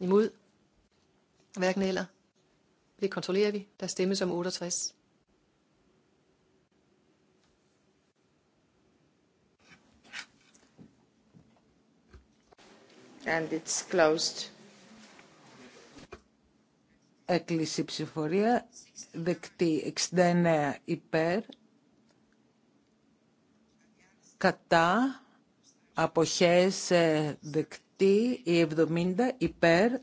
Imod? Hverken eller. Det kontrollerer vi. Der stemmes om 68. And it's closed. Έκλεισε η ψηφορία. Δεκτή 69 υπέρ. Κατά. Αποχές δεκτή τι η 70 υπέρ,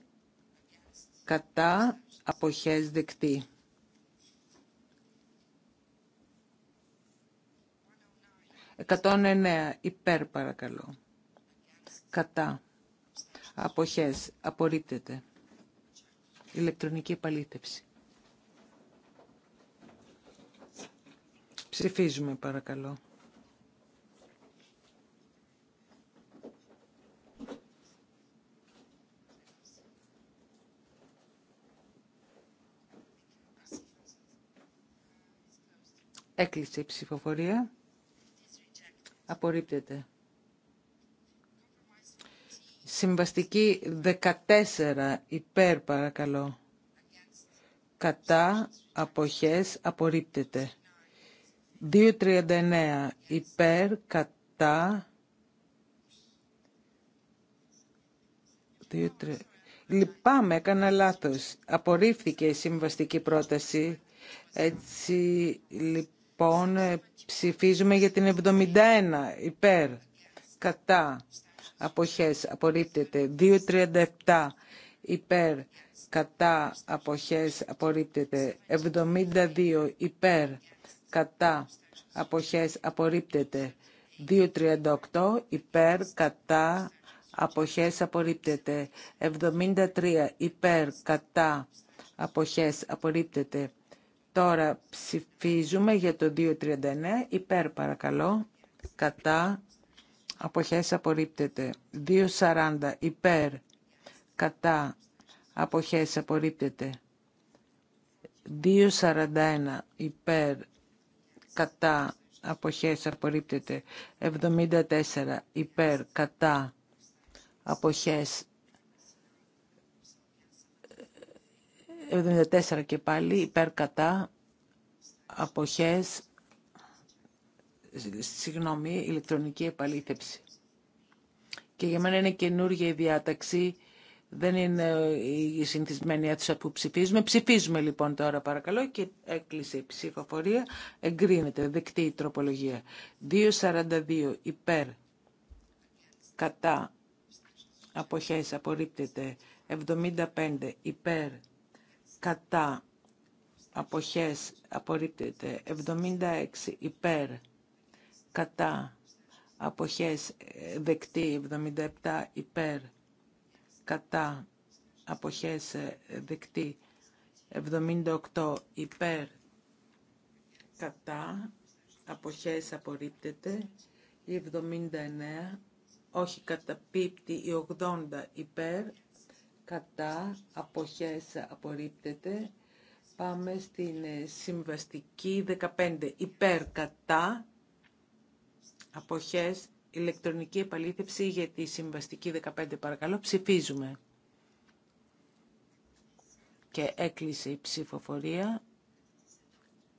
κατά, αποχές δεκτή. 109 υπέρ παρακαλώ. Κατά. Αποχές. Απορρίπτεται. Ηλεκτρονική επαλήθευση. Ψηφίζουμε παρακαλώ. Έκλεισε η ψηφοφορία. Απορρίπτεται. Συμβαστική 14 υπέρ παρακαλώ. Κατά αποχές απορρίπτεται. 2.39 υπέρ κατά 3. Λυπάμαι, έκανα λάθος. Απορρίφθηκε η συμβαστική πρόταση. Έτσι, λυπάμαι λοιπόν ε, ψηφίζουμε για την 71 υπέρ κατά αποχές απορρίπτεται 237 υπέρ κατά αποχές απορρίπτεται 72 υπέρ κατά αποχές απορρίπτεται 238 υπέρ κατά αποχές απορρίπτεται 73 υπέρ κατά αποχές απορρίπτεται Τώρα ψηφίζουμε για το 239. Υπέρ παρακαλώ. Κατά. Αποχές απορρίπτεται. 240. Υπέρ. Κατά. Αποχές απορρίπτεται. 241. Υπέρ. Κατά. Αποχές απορρίπτεται. 74. Υπέρ. Κατά. Αποχές 74 και πάλι υπέρ κατά αποχές, συγγνώμη, ηλεκτρονική επαλήθευση. Και για μένα είναι καινούργια η διάταξη, δεν είναι η συνηθισμένη αίθουσα που ψηφίζουμε. Ψηφίζουμε λοιπόν τώρα παρακαλώ και έκλεισε η ψηφοφορία, εγκρίνεται, δεκτή η τροπολογία. 2.42 υπέρ, κατά, αποχές, απορρίπτεται, 75 υπέρ, κατά, αποχές απορρίπτεται 76 υπέρ κατά αποχές δεκτή 77 υπέρ κατά αποχές δεκτή 78 υπέρ κατά αποχές απορρίπτεται 79 όχι καταπίπτει η 80 υπέρ κατά αποχές απορρίπτεται Πάμε στην ε, συμβαστική 15. Υπέρ κατά αποχές ηλεκτρονική επαλήθευση για τη συμβαστική 15. Παρακαλώ ψηφίζουμε. Και έκλεισε η ψηφοφορία.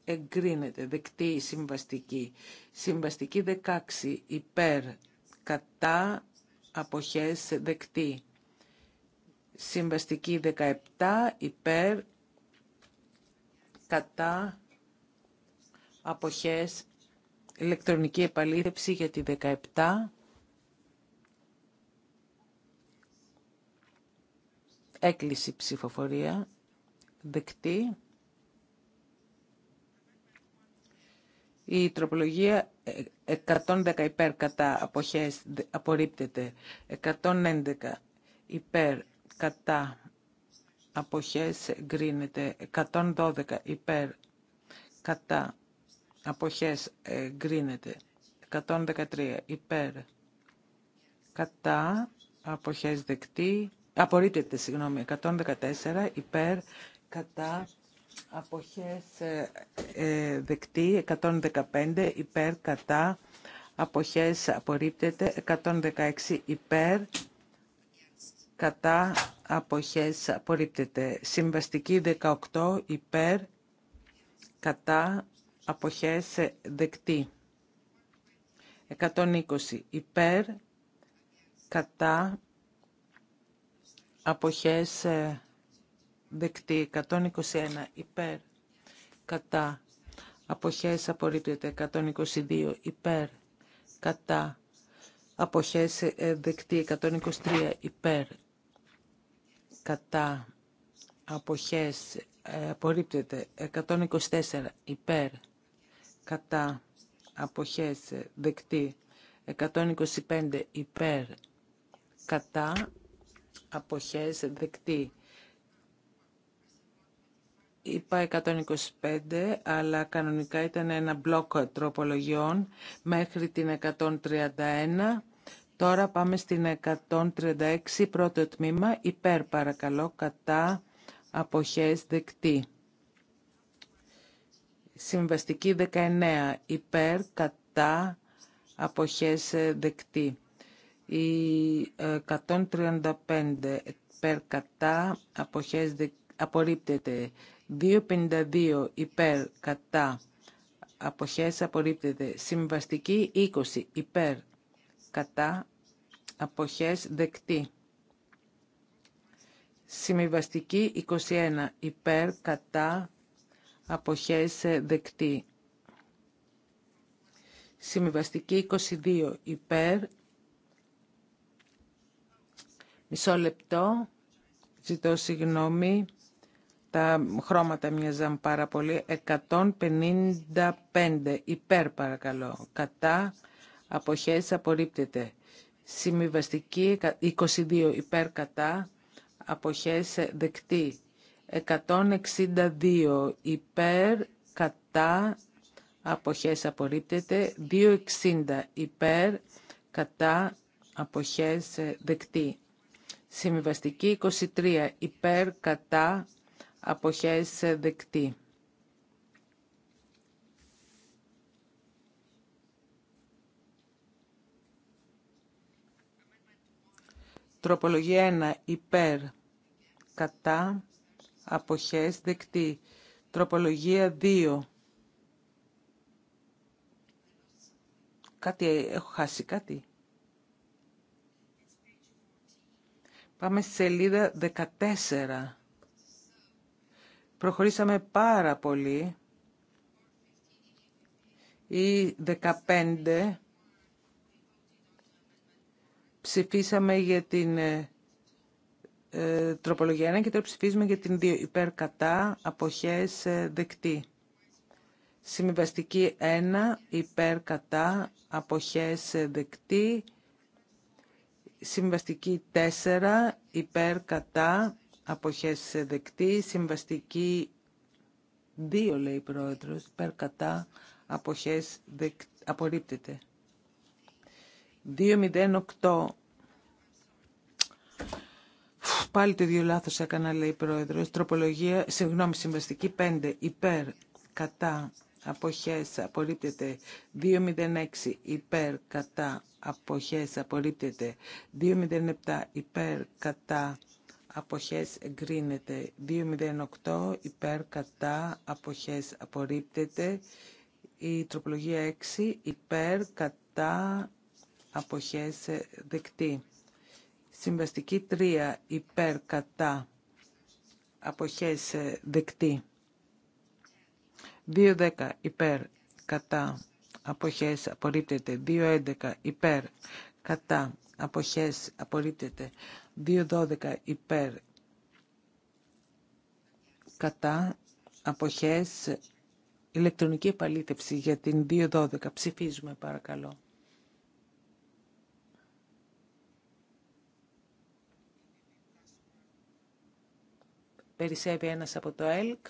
Εγκρίνεται δεκτή η συμβαστική. Συμβαστική 16. Υπέρ κατά αποχές δεκτή. Συμβαστική 17 υπέρ κατά αποχές ηλεκτρονική επαλήθευση για τη 17 έκλειση ψηφοφορία δεκτή η τροπολογία 110 υπέρ κατά αποχές απορρίπτεται 111 υπέρ κατά αποχές γκρίνεται. 112 υπέρ κατά αποχές γκρίνεται. 113 υπέρ κατά αποχές δεκτή απορρίπτεται συγγνώμη 114 υπέρ κατά αποχές ε, ε δεκτή 115 υπέρ κατά αποχές απορρίπτεται 116 υπέρ κατά αποχές απορρίπτεται. Συμβαστική 18 υπέρ κατά αποχές ε, δεκτή. 120 υπέρ κατά αποχές ε, δεκτή. 121 υπέρ κατά αποχές απορρίπτεται. 122 υπέρ κατά αποχές ε, δεκτή. 123 υπέρ κατά αποχές ε, απορρίπτεται 124 υπέρ κατά αποχές ε, δεκτή 125 υπέρ κατά αποχές δεκτή είπα 125 αλλά κανονικά ήταν ένα μπλοκ τροπολογιών μέχρι την 131 Τώρα πάμε στην 136 πρώτο τμήμα. Υπέρ παρακαλώ κατά αποχές δεκτή. Συμβαστική 19. Υπέρ κατά αποχές δεκτή. Η 135 υπέρ κατά αποχές δεκτή. απορρίπτεται. 252 υπέρ κατά αποχές απορρίπτεται. Συμβαστική 20 υπέρ κατά αποχές δεκτή. Συμβιβαστική 21 υπέρ κατά αποχές ε, δεκτή. Συμβιβαστική 22 υπέρ. Μισό λεπτό. Ζητώ συγγνώμη. Τα χρώματα μοιάζαν πάρα πολύ. 155 υπέρ παρακαλώ. Κατά αποχές απορρίπτεται. Συμβιβαστική 22 υπέρ κατά αποχές δεκτή. 162 υπέρ κατά αποχές απορρίπτεται. 260 υπέρ κατά αποχές δεκτή. Συμβιβαστική 23 υπέρ κατά αποχές δεκτή. Τροπολογία 1 υπέρ κατά αποχές δεκτή. Τροπολογία 2. Κάτι έχω χάσει κάτι. Πάμε στη σελίδα 14. Προχωρήσαμε πάρα πολύ. Η 15 ψηφίσαμε για την ε, ε τροπολογία 1 και τώρα ψηφίζουμε για την 2 υπέρ κατά αποχές ε, δεκτή. Συμβαστική 1 υπέρ κατά αποχές ε, δεκτή. Συμβαστική 4 υπέρ κατά αποχές δεκτή. Συμβαστική 2 λέει η πρόεδρος υπέρ κατά αποχές δεκ... απορρίπτεται. 208. Πάλι το ίδιο λάθο έκανα, λέει η πρόεδρο. Τροπολογία, συγγνώμη, συμβαστική 5. Υπέρ, κατά, αποχέ, απορρίπτεται. 206. Υπέρ, κατά, αποχέ, απορρίπτεται. 207. Υπέρ, κατά, αποχε εγκρίνεται. 208 υπέρ κατά αποχές απορρίπτεται. Η τροπολογία 6 υπέρ κατά αποχές ε, δεκτή. Συμβαστική 3 υπέρ κατά αποχές ε, δεκτή. 2.10 υπέρ κατά αποχές απορρίπτεται. 2.11 υπέρ κατά αποχές απορρίπτεται. 2.12 υπέρ κατά αποχές ηλεκτρονική επαλήθευση για την 2.12. Ψηφίζουμε παρακαλώ. Περισσεύει ένας από το ΕΛΚ.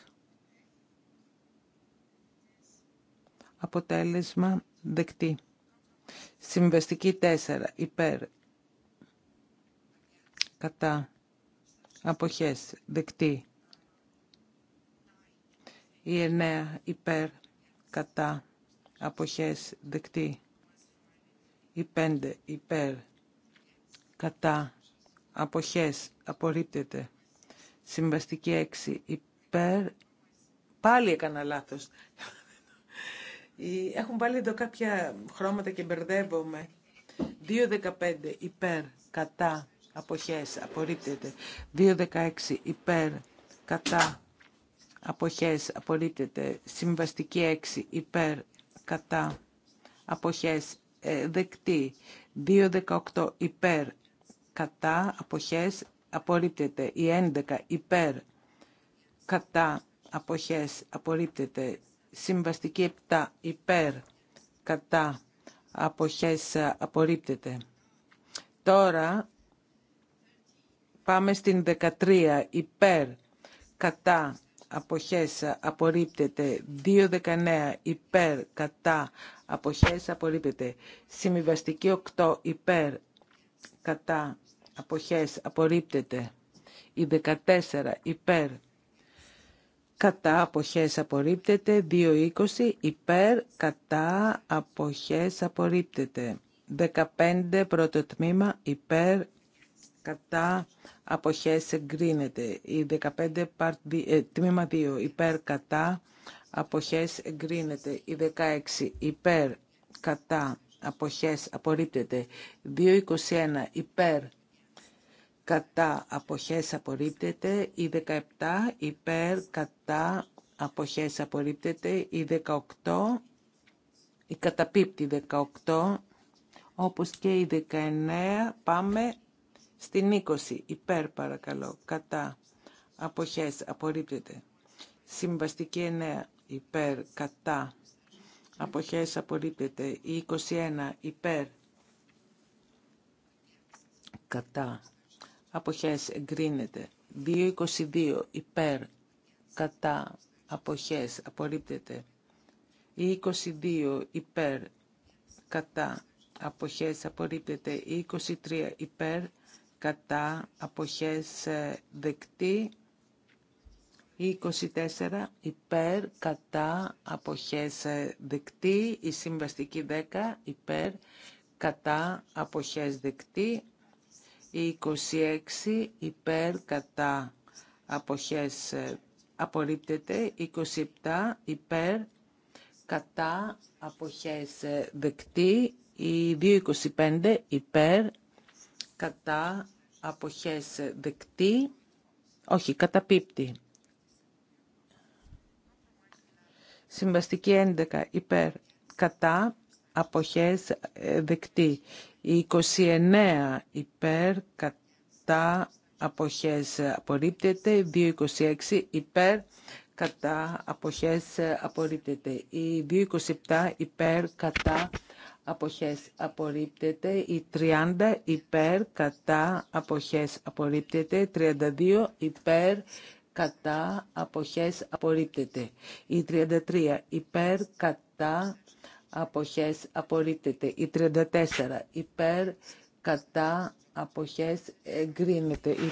Αποτέλεσμα δεκτή. Συμβεστική 4. Υπέρ. Κατά. Αποχές. Δεκτή. Η 9. Υπέρ. Κατά. Αποχές. Δεκτή. Η 5. Υπέρ. Κατά. Αποχές. Απορρίπτεται. Συμβαστική 6 υπέρ. Πάλι έκανα λάθος. Έχουν πάλι εδώ κάποια χρώματα και μπερδεύομαι. 2.15 υπέρ, κατά, αποχές, απορρίπτεται. 2.16 υπέρ, κατά, αποχές, απορρίπτεται. Συμβαστική 6 υπέρ, κατά, αποχές, ε, δεκτή. 2.18 υπέρ, κατά, αποχές, απορρίπτεται. Η 11 υπέρ κατά αποχές απορρίπτεται. Συμβαστική 7 υπέρ κατά αποχές απορρίπτεται. Τώρα πάμε στην 13 υπέρ κατά αποχές απορρίπτεται 2.19 υπέρ κατά αποχές απορρίπτεται Συμβαστική 8 υπέρ κατά αποχές απορρίπτεται. Η 14 υπέρ κατά αποχές απορρίπτεται. 220 υπέρ κατά αποχές απορρίπτεται. 15 πρώτο τμήμα υπέρ κατά αποχές εγκρίνεται. Η 15 ε, τμήμα 2 υπέρ κατά αποχές εγκρίνεται. Η 16 υπέρ κατά αποχές απορρίπτεται. 221 υπέρ κατά αποχές απορρίπτεται, η 17 υπέρ κατά αποχές απορρίπτεται, η 18 η καταπίπτη 18 όπως και η 19 πάμε στην 20 υπέρ παρακαλώ κατά αποχές απορρίπτεται συμβαστική 9 υπέρ κατά αποχές απορρίπτεται η 21 υπέρ κατά αποχές εγκρίνεται. 2.22 υπέρ κατά αποχές απορρίπτεται. 22 υπέρ κατά αποχές απορρίπτεται. 23 ε, ε, υπέρ κατά αποχές δεκτή. 24 υπέρ κατά αποχές δεκτή. Η συμβαστική 10 υπέρ κατά αποχές δεκτή. 26 υπέρ κατά αποχές ε, απορρίπτεται. 27 υπέρ κατά αποχές ε, δεκτή. Η 225 υπέρ κατά αποχές ε, δεκτή. Όχι, πίπτη. Συμβαστική 11 υπέρ κατά αποχές δεκτή. Η 29 υπέρ κατά αποχές απορρίπτεται. 226 υπέρ κατά αποχές απορρίπτεται. Η 227 υπέρ κατά αποχές απορρίπτεται. Η 30 υπέρ κατά αποχές απορρίπτεται. 32 υπέρ κατά αποχές απορρίπτεται. Η 33 υπέρ κατά αποχές απορρίπτεται. Η 34 υπέρ κατά αποχές εγκρίνεται. Η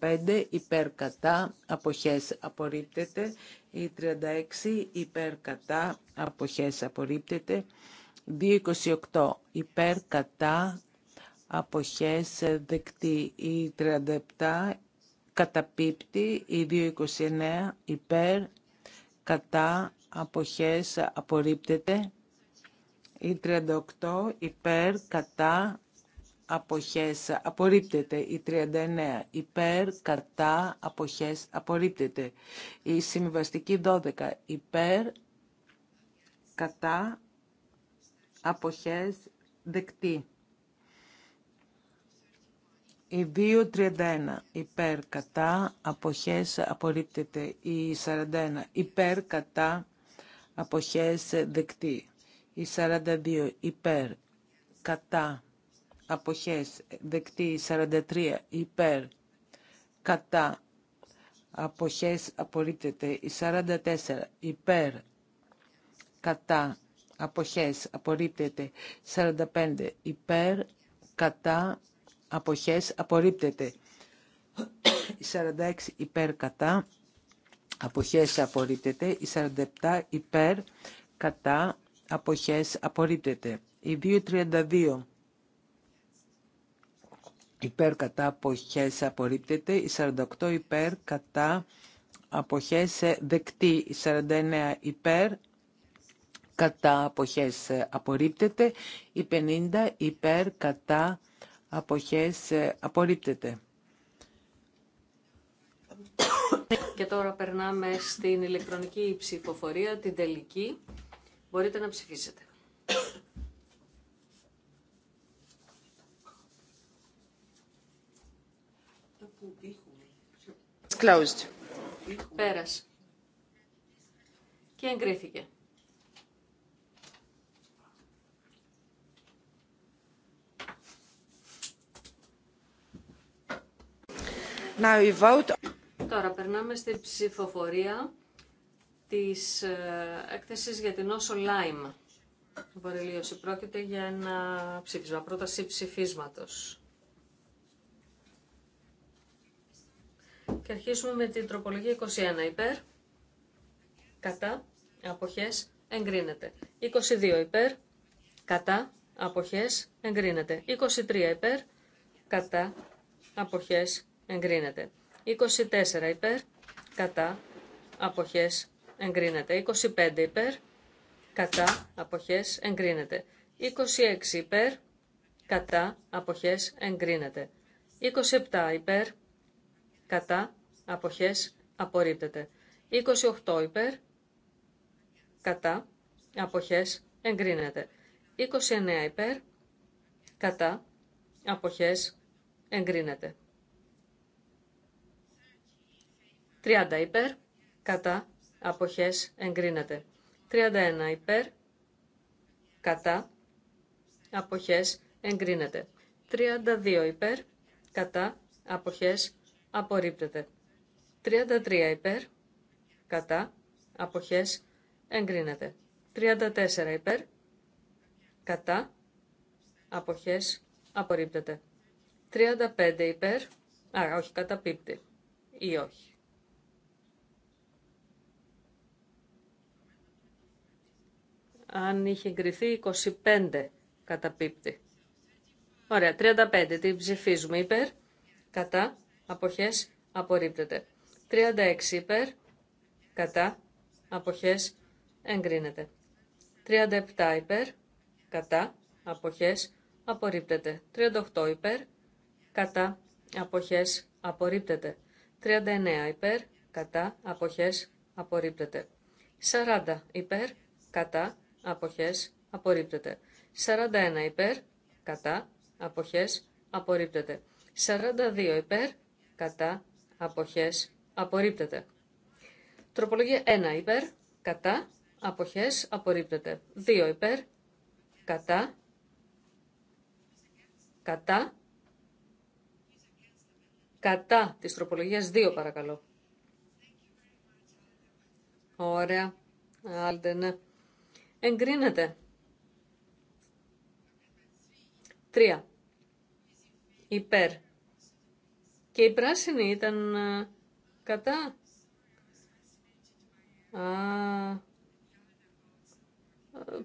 35 υπέρ κατά αποχές απορρίπτεται. Η 36 υπέρ κατά αποχές απορρίπτεται. 228 υπέρ κατά αποχές δεκτή. Η 37 καταπίπτει. Η 229 υπέρ κατά αποχές απορρίπτεται. Η 38 υπέρ κατά αποχές απορρίπτεται. Η 39 υπέρ κατά αποχές απορρίπτεται. Η συμβιβαστική 12 υπέρ κατά αποχές δεκτεί. Η 2.31 υπέρ κατά αποχές απορρίπτεται. Η 41 υπέρ κατά αποχές δεκτή. Η 42 υπέρ κατά αποχές δεκτή. 43 υπέρ κατά αποχές απορρίπτεται. Η 44 υπέρ κατά αποχές απορρίπτεται. 45 υπέρ κατά αποχές απορρίπτεται. Η 46 υπέρ κατά αποχές απορρίπτεται. Η 47 υπέρ κατά αποχές απορρίπτεται. Η 2.32 υπέρ κατά αποχές απορρίπτεται. Η 48 υπέρ κατά αποχές δεκτή. Η 49 υπέρ κατά αποχές απορρίπτεται. Η 50 υπέρ κατά αποχές απορρίπτεται. Και τώρα περνάμε στην ηλεκτρονική ψηφοφορία, την τελική. Μπορείτε να ψηφίσετε. Closed. Πέρασε. Και εγκρίθηκε. Now we vote. Τώρα περνάμε στην ψηφοφορία της ε, έκθεσης για την όσο Λάιμ. Βορελίωση πρόκειται για ένα ψήφισμα, πρόταση ψηφίσματος. Και αρχίσουμε με την τροπολογία 21 υπέρ, κατά, αποχές, εγκρίνεται. 22 υπέρ, κατά, αποχές, εγκρίνεται. 23 υπέρ, κατά, αποχές, εγκρίνεται. 24 υπέρ, κατά, αποχές, εγκρίνεται. 25 υπέρ, κατά, αποχές, εγκρίνεται. 26 υπέρ, κατά, αποχές, εγκρίνεται. 27 υπέρ, κατά, αποχές, απορρίπτεται. 28 υπέρ, κατά, αποχές, εγκρίνεται. 29 υπέρ, κατά, αποχές, εγκρίνεται. 30 υπέρ, κατά, αποχές εγκρίνεται. 31 υπέρ, κατά, αποχές εγκρίνεται. 32 υπέρ, κατά, αποχές απορρίπτεται. 33 υπέρ, κατά, αποχές εγκρίνεται. 34 υπέρ, κατά, αποχές απορρίπτεται. 35 υπέρ, α, όχι, καταπίπτει ή όχι. αν είχε εγκριθεί 25 πίπτη. Ωραία, 35, τι ψηφίζουμε υπέρ, κατά, αποχές, απορρίπτεται. 36 υπέρ, κατά, αποχές, εγκρίνεται. 37 υπέρ, κατά, αποχές, απορρίπτεται. 38 υπέρ, κατά, αποχές, απορρίπτεται. 39 υπέρ, κατά, αποχές, απορρίπτεται. 40 υπέρ, κατά, αποχές, απορρίπτεται. 41 υπέρ, κατά, αποχές, απορρίπτεται. 42 υπέρ, κατά, αποχές, απορρίπτεται. Τροπολογία 1 υπέρ, κατά, αποχές, απορρίπτεται. 2 υπέρ, κατά, κατά, κατά της τροπολογίας 2 παρακαλώ. Ωραία. Άλτε, ναι. Εγκρίνεται. 3. Υπέρ. Και η πράσινη ήταν ε, κατά. Α,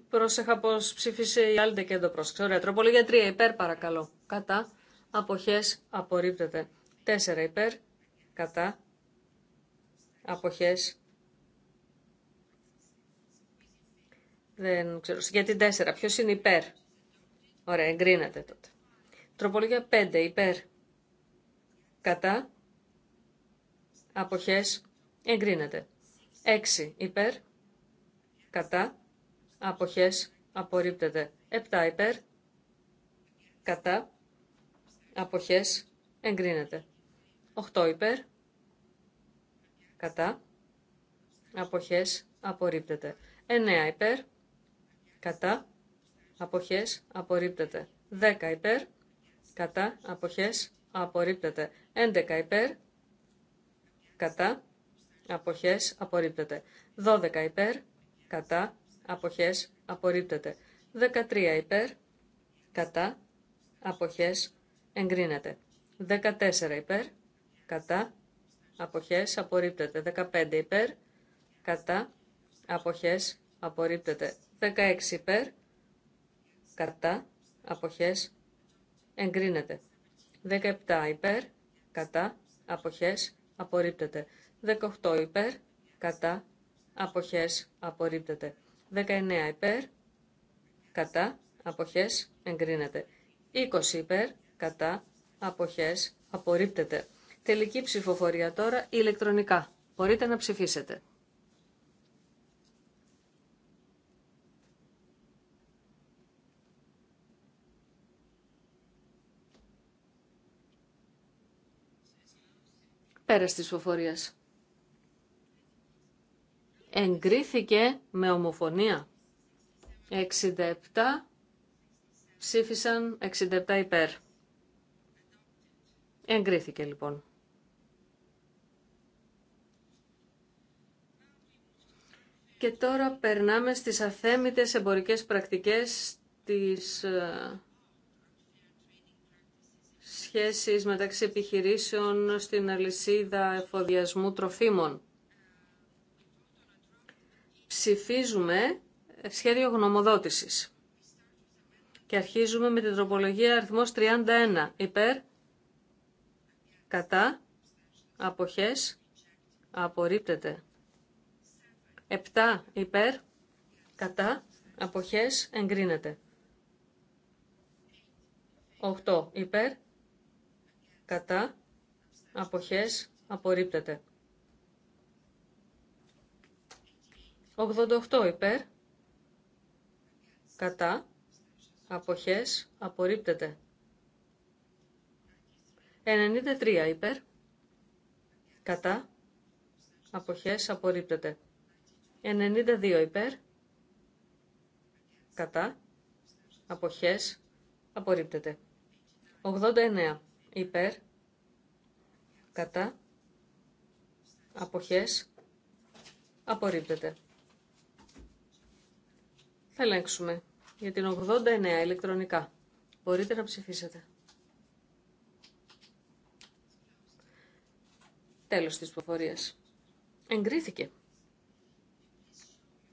πρόσεχα πως ψήφισε η άλλη και δεν το πρόσεξε. Ωραία, τροπολογία 3 υπέρ παρακαλώ. Κατά. Αποχές απορρίπτεται. τέσσερα υπέρ. Κατά. Αποχές Δεν ξέρω. Για την 4. Ποιος είναι υπέρ. Ωραία, εγκρίνατε τότε. Τροπολογία 5. Υπέρ. Κατά. Αποχές. Εγκρίνεται. 6. Υπέρ. Κατά. Αποχές. Απορρίπτεται. 7. Υπέρ. Κατά. Αποχές. Εγκρίνεται. 8. Υπέρ. Κατά. Αποχές. Απορρίπτεται. 9. Υπέρ κατά, αποχές, απορρίπτεται. 10 υπέρ, κατά, αποχές, απορρίπτεται. 11 υπέρ, κατά, αποχές, απορρίπτεται. 12 υπέρ, κατά, αποχές, απορρίπτεται. 13 υπέρ, κατά, αποχές, εγκρίνεται. 14 υπέρ, κατά, αποχές, απορρίπτεται. 15 υπέρ, κατά, αποχές, απορρίπτεται 16 υπέρ, κατά, αποχές, εγκρίνεται. 17 υπέρ, κατά, αποχές, απορρίπτεται. 18 υπέρ, κατά, αποχές, απορρίπτεται. 19 υπέρ, κατά, αποχές, εγκρίνεται. 20 υπέρ, κατά, αποχές, απορρίπτεται. Τελική ψηφοφορία τώρα ηλεκτρονικά. Μπορείτε να ψηφίσετε. Πέρας της Εγκρίθηκε με ομοφωνία. 67 ψήφισαν 67 υπέρ. Εγκρίθηκε λοιπόν. Και τώρα περνάμε στις αθέμητες εμπορικές πρακτικές της ε, σχέσεις μεταξύ επιχειρήσεων στην αλυσίδα εφοδιασμού τροφίμων. Ψηφίζουμε σχέδιο γνωμοδότησης. Και αρχίζουμε με την τροπολογία αριθμός 31. Υπέρ, κατά, αποχές, απορρίπτεται. 7. Υπέρ, κατά, αποχές, εγκρίνεται. 8. Υπέρ, κατά, αποχές, απορρίπτεται. 88 υπέρ, κατά, αποχές, απορρίπτεται. 93 υπέρ, κατά, αποχές, απορρίπτεται. 92 υπέρ, κατά, αποχές, απορρίπτεται. 89 υπέρ, κατά, αποχές, απορρίπτεται. Θα ελέγξουμε για την 89 ηλεκτρονικά. Μπορείτε να ψηφίσετε. Τέλος της προφορίας. Εγκρίθηκε.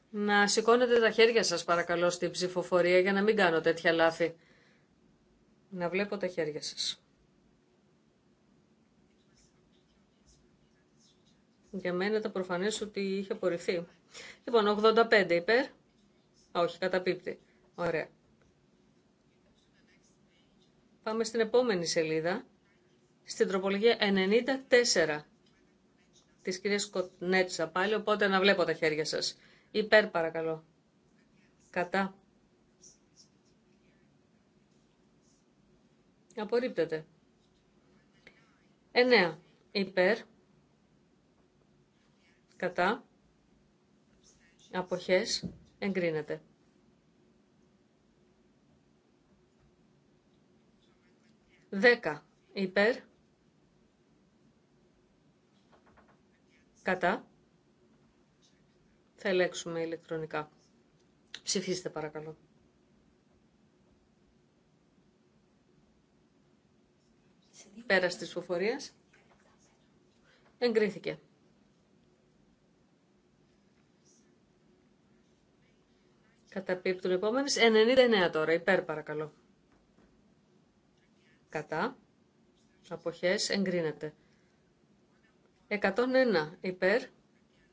Να σηκώνετε τα χέρια σας παρακαλώ στην ψηφοφορία για να μην κάνω τέτοια λάθη. Να βλέπω τα χέρια σας. Για μένα ήταν προφανές ότι είχε απορριφθεί. Λοιπόν, 85 υπέρ. Όχι, καταπίπτει. Ωραία. Πάμε στην επόμενη σελίδα. Στην τροπολογία 94 της κυρίας Κοτνέτσα πάλι, οπότε να βλέπω τα χέρια σας. Υπέρ παρακαλώ. Κατά. Απορρίπτεται. 9. Υπέρ κατά, αποχές, εγκρίνεται. Δέκα, υπέρ, κατά, θα ελέγξουμε ηλεκτρονικά. Ψηφίστε παρακαλώ. Πέρας της φοφορίας εγκρίθηκε. Καταπίπτουν επόμενες. 99 τώρα. Υπέρ παρακαλώ. Κατά. Αποχές. Εγκρίνεται. 101. Υπέρ.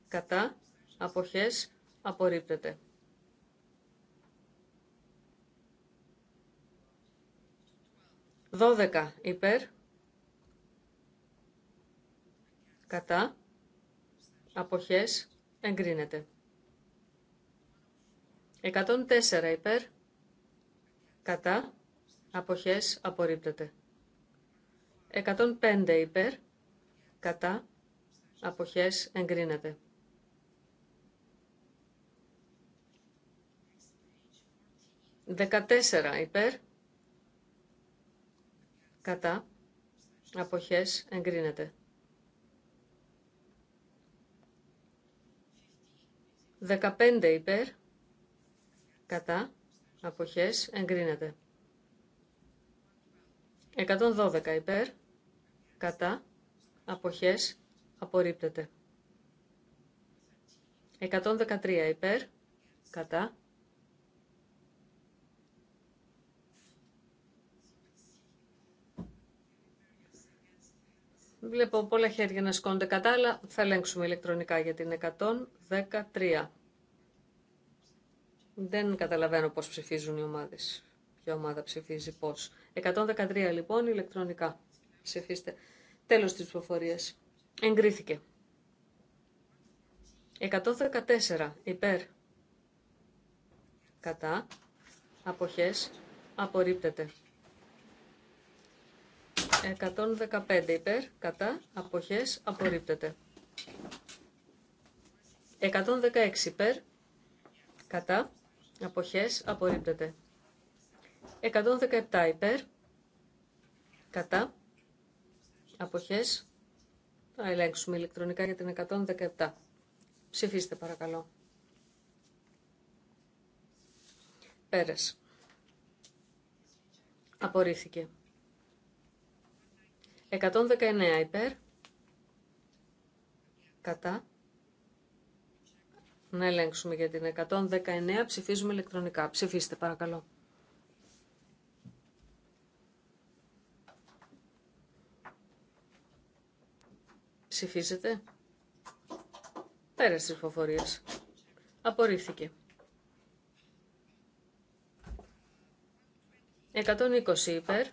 Κατά. Αποχές. Απορρίπτεται. 12. Υπέρ. Κατά. Αποχές. Εγκρίνεται. 104 υπέρ, κατά, αποχές απορρίπτεται. 105 υπέρ, κατά, αποχές εγκρίνεται. Δεκατέσσερα υπέρ, κατά, αποχές εγκρίνεται. Δεκαπέντε υπέρ, κατά, αποχές, εγκρίνεται. 112 υπέρ, κατά, αποχές, απορρίπτεται. 113 υπέρ, κατά. Βλέπω πολλά χέρια να σκόνται κατά, αλλά θα ελέγξουμε ηλεκτρονικά για την 113. Δεν καταλαβαίνω πώς ψηφίζουν οι ομάδες. Ποια ομάδα ψηφίζει πώς. 113 λοιπόν ηλεκτρονικά. Ψηφίστε. Τέλος της ψηφοφορίας. Εγκρίθηκε. 114 υπέρ. Κατά. Αποχές. Απορρίπτεται. 115 υπέρ. Κατά. Αποχές. Απορρίπτεται. 116 υπέρ. Κατά. Αποχές απορρίπτεται. 117 υπέρ. Κατά. Αποχές. Θα ελέγξουμε ηλεκτρονικά για την 117. Ψηφίστε παρακαλώ. Πέρας. Απορρίφθηκε. 119 υπέρ. Κατά να ελέγξουμε για την 119. Ψηφίζουμε ηλεκτρονικά. Ψηφίστε παρακαλώ. Ψηφίζετε. Πέρας της φοφορίες. Απορρίφθηκε. 120 υπέρ.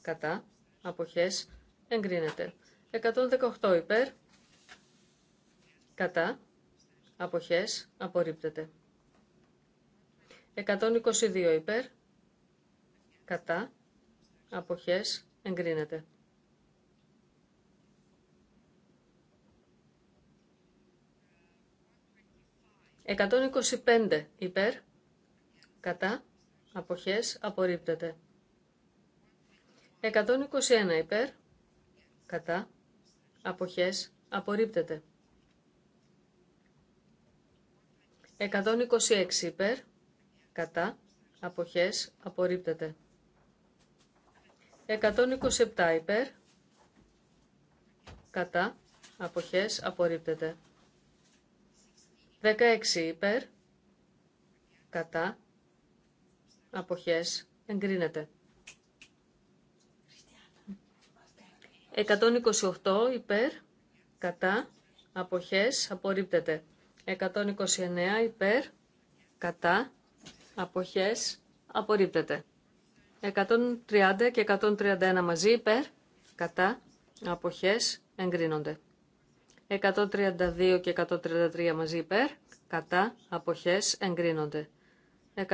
Κατά. Αποχές. Εγκρίνεται. 118 υπέρ. Κατά αποχές απορρίπτεται. 122 υπέρ, κατά, αποχές εγκρίνεται. 125 υπέρ, κατά, αποχές απορρίπτεται. 121 υπέρ, κατά, αποχές απορρίπτεται. 126 υπέρ, κατά, αποχές, απορρίπτεται. 127 υπέρ, κατά, αποχές, απορρίπτεται. 16 υπέρ, κατά, αποχές, εγκρίνεται. 128 υπέρ, κατά, αποχές, απορρίπτεται. 129 υπέρ, κατά, αποχές, απορρίπτεται. 130 και 131 μαζί υπέρ, κατά, αποχές, εγκρίνονται. 132 και 133 μαζί υπέρ, κατά, αποχές, εγκρίνονται. 134-135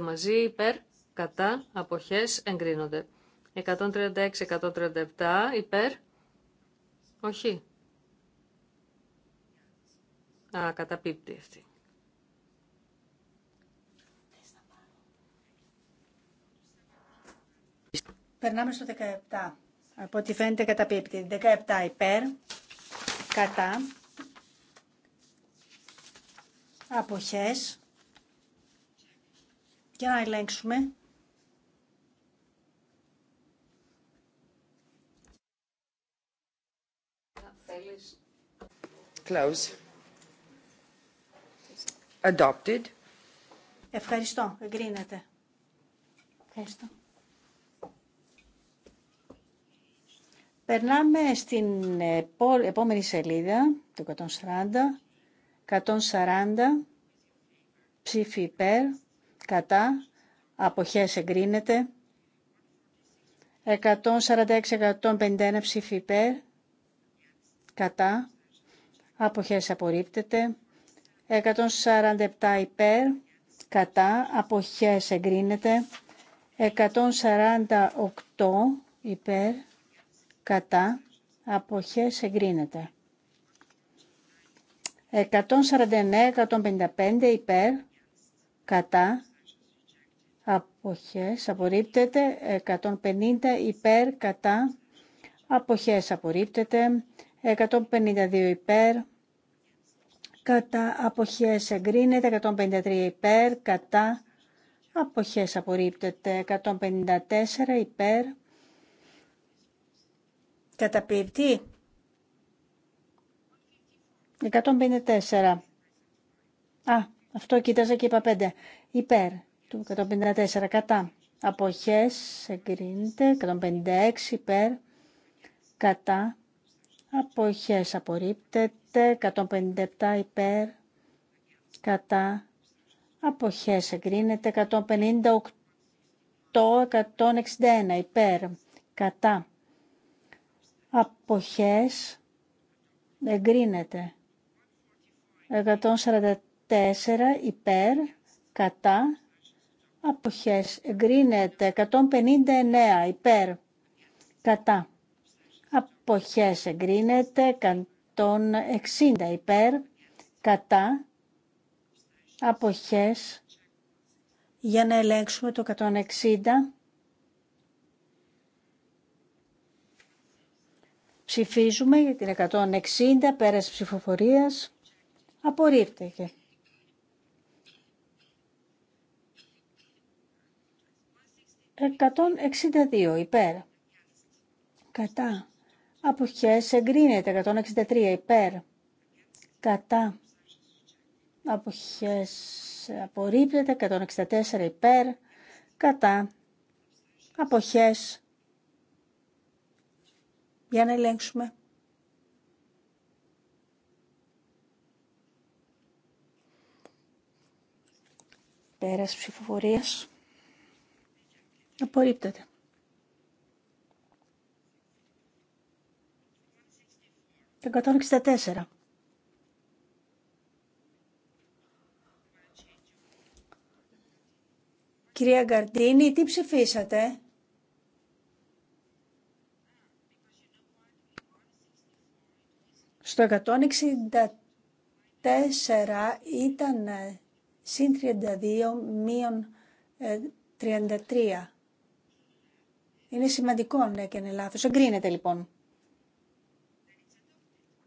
μαζί υπέρ, κατά, αποχές, εγκρίνονται. 136-137 υπέρ, όχι, Α, καταπίπτει αυτή. Περνάμε στο 17. Από ό,τι φαίνεται καταπίπτει. 17 υπέρ, κατά, αποχές. Για να ελέγξουμε. Close. Ευχαριστώ. Εγκρίνεται. Ευχαριστώ. Περνάμε στην επόμενη σελίδα, του 140. 140 ψήφι υπέρ, κατά, αποχές εγκρίνεται. 146-151 ψήφι υπέρ, κατά, αποχές απορρίπτεται. 147 υπέρ, κατά, αποχές εγκρίνεται. 148 υπέρ, κατά, αποχές εγκρίνεται. 149-155 υπέρ, κατά, αποχές απορρίπτεται. 150 υπέρ, κατά, αποχές απορρίπτεται. 152 υπέρ, κατά αποχές εγκρίνεται, 153 υπέρ, κατά αποχές απορρίπτεται, 154 υπέρ, καταπίπτει, 154, α, αυτό κοίταζα και είπα 5, υπέρ του 154, κατά αποχές εγκρίνεται, 156 υπέρ, κατά Αποχές απορρίπτεται. 157 υπέρ. Κατά. Αποχές εγκρίνεται. 158. 161 υπέρ. Κατά. Αποχές εγκρίνεται. 144 υπέρ. Κατά. Αποχές εγκρίνεται. 159 υπέρ. Κατά αποχές εγκρίνεται 160 υπέρ κατά αποχές για να ελέγξουμε το 160 ψηφίζουμε για την 160 πέρας ψηφοφορίας απορρίφθηκε 162 υπέρ. Κατά Αποχές εγκρίνεται 163 υπέρ. Κατά. Αποχές απορρίπτεται 164 υπέρ. Κατά. Αποχές. Για να ελέγξουμε. Πέρας ψηφοφορίας. Απορρίπτεται. Το 164. Κυρία Γκαρντίνη, τι ψηφίσατε. Στο 164 ήταν ε, συν 32 μείον 33. Ε, είναι σημαντικό, ναι, και είναι λάθος. Εγκρίνεται, λοιπόν.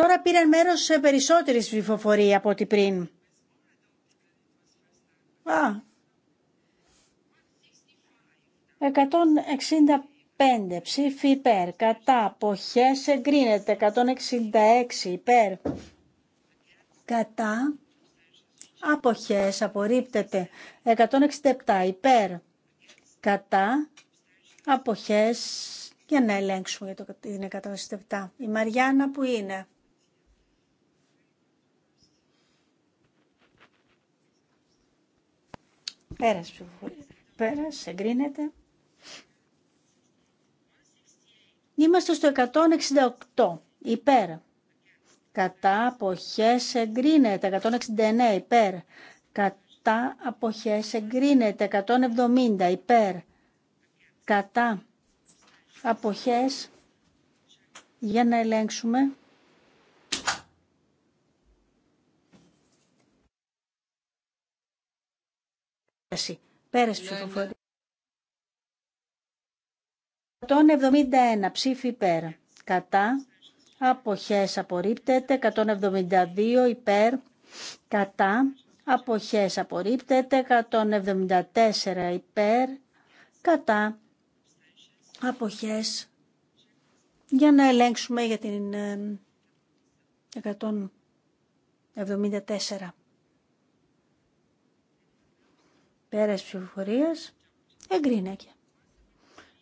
τώρα πήραν μέρος σε περισσότερη ψηφοφορία από ό,τι πριν. Α, 165 ψήφι υπέρ, κατά, αποχές εγκρίνεται, 166 υπέρ, κατά, αποχές απορρίπτεται, 167 υπέρ, κατά, αποχές, για να ελέγξουμε για το, 167. Η Μαριάννα που είναι. Πέρας ψηφοφορία. εγκρίνεται. Είμαστε στο 168, υπέρ. Κατά αποχές εγκρίνεται, 169 υπέρ. Κατά αποχές εγκρίνεται, 170 υπέρ. Κατά αποχές, για να ελέγξουμε. Πέρας ναι, ψηφοφορία. 171 ναι. ψήφι υπέρ. Κατά. Αποχές απορρίπτεται. 172 υπέρ. Κατά. Αποχές απορρίπτεται. 174 υπέρ. Κατά. Αποχές. Για να ελέγξουμε για την 174. Ε, Πέρας ψηφοφορίας εγκρίνεται.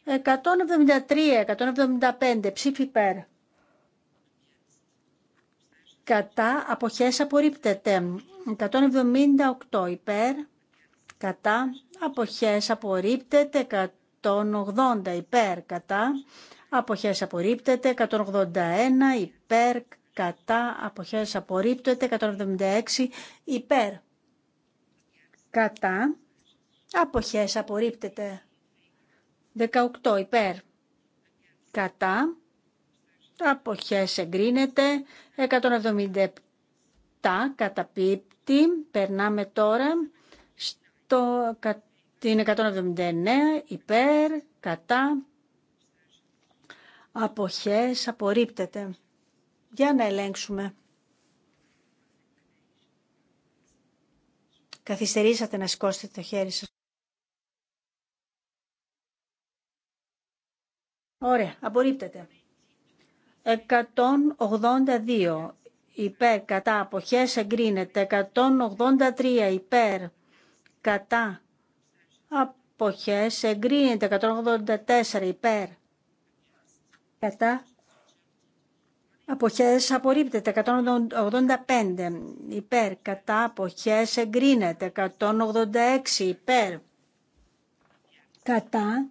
173-175 ψήφι υπέρ. Κατά αποχές απορρίπτεται. 178 υπέρ. Κατά αποχές απορρίπτεται. 180 υπέρ. Κατά αποχές απορρίπτεται. 181 υπέρ. Κατά αποχές απορρίπτεται. 176 υπέρ. Κατά Αποχές απορρίπτεται. 18 υπέρ. Κατά. Αποχές εγκρίνεται. 177 καταπίπτει. Περνάμε τώρα στο, την 179 υπέρ. Κατά. Αποχές απορρίπτεται. Για να ελέγξουμε. Καθυστερήσατε να σηκώσετε το χέρι σας. Ωραία, απορρίπτεται. 182 υπέρ κατά αποχές εγκρίνεται. 183 υπέρ κατά αποχές εγκρίνεται. 184 υπέρ κατά αποχές απορρίπτεται. 185 υπέρ κατά αποχές εγκρίνεται. 186 υπέρ κατά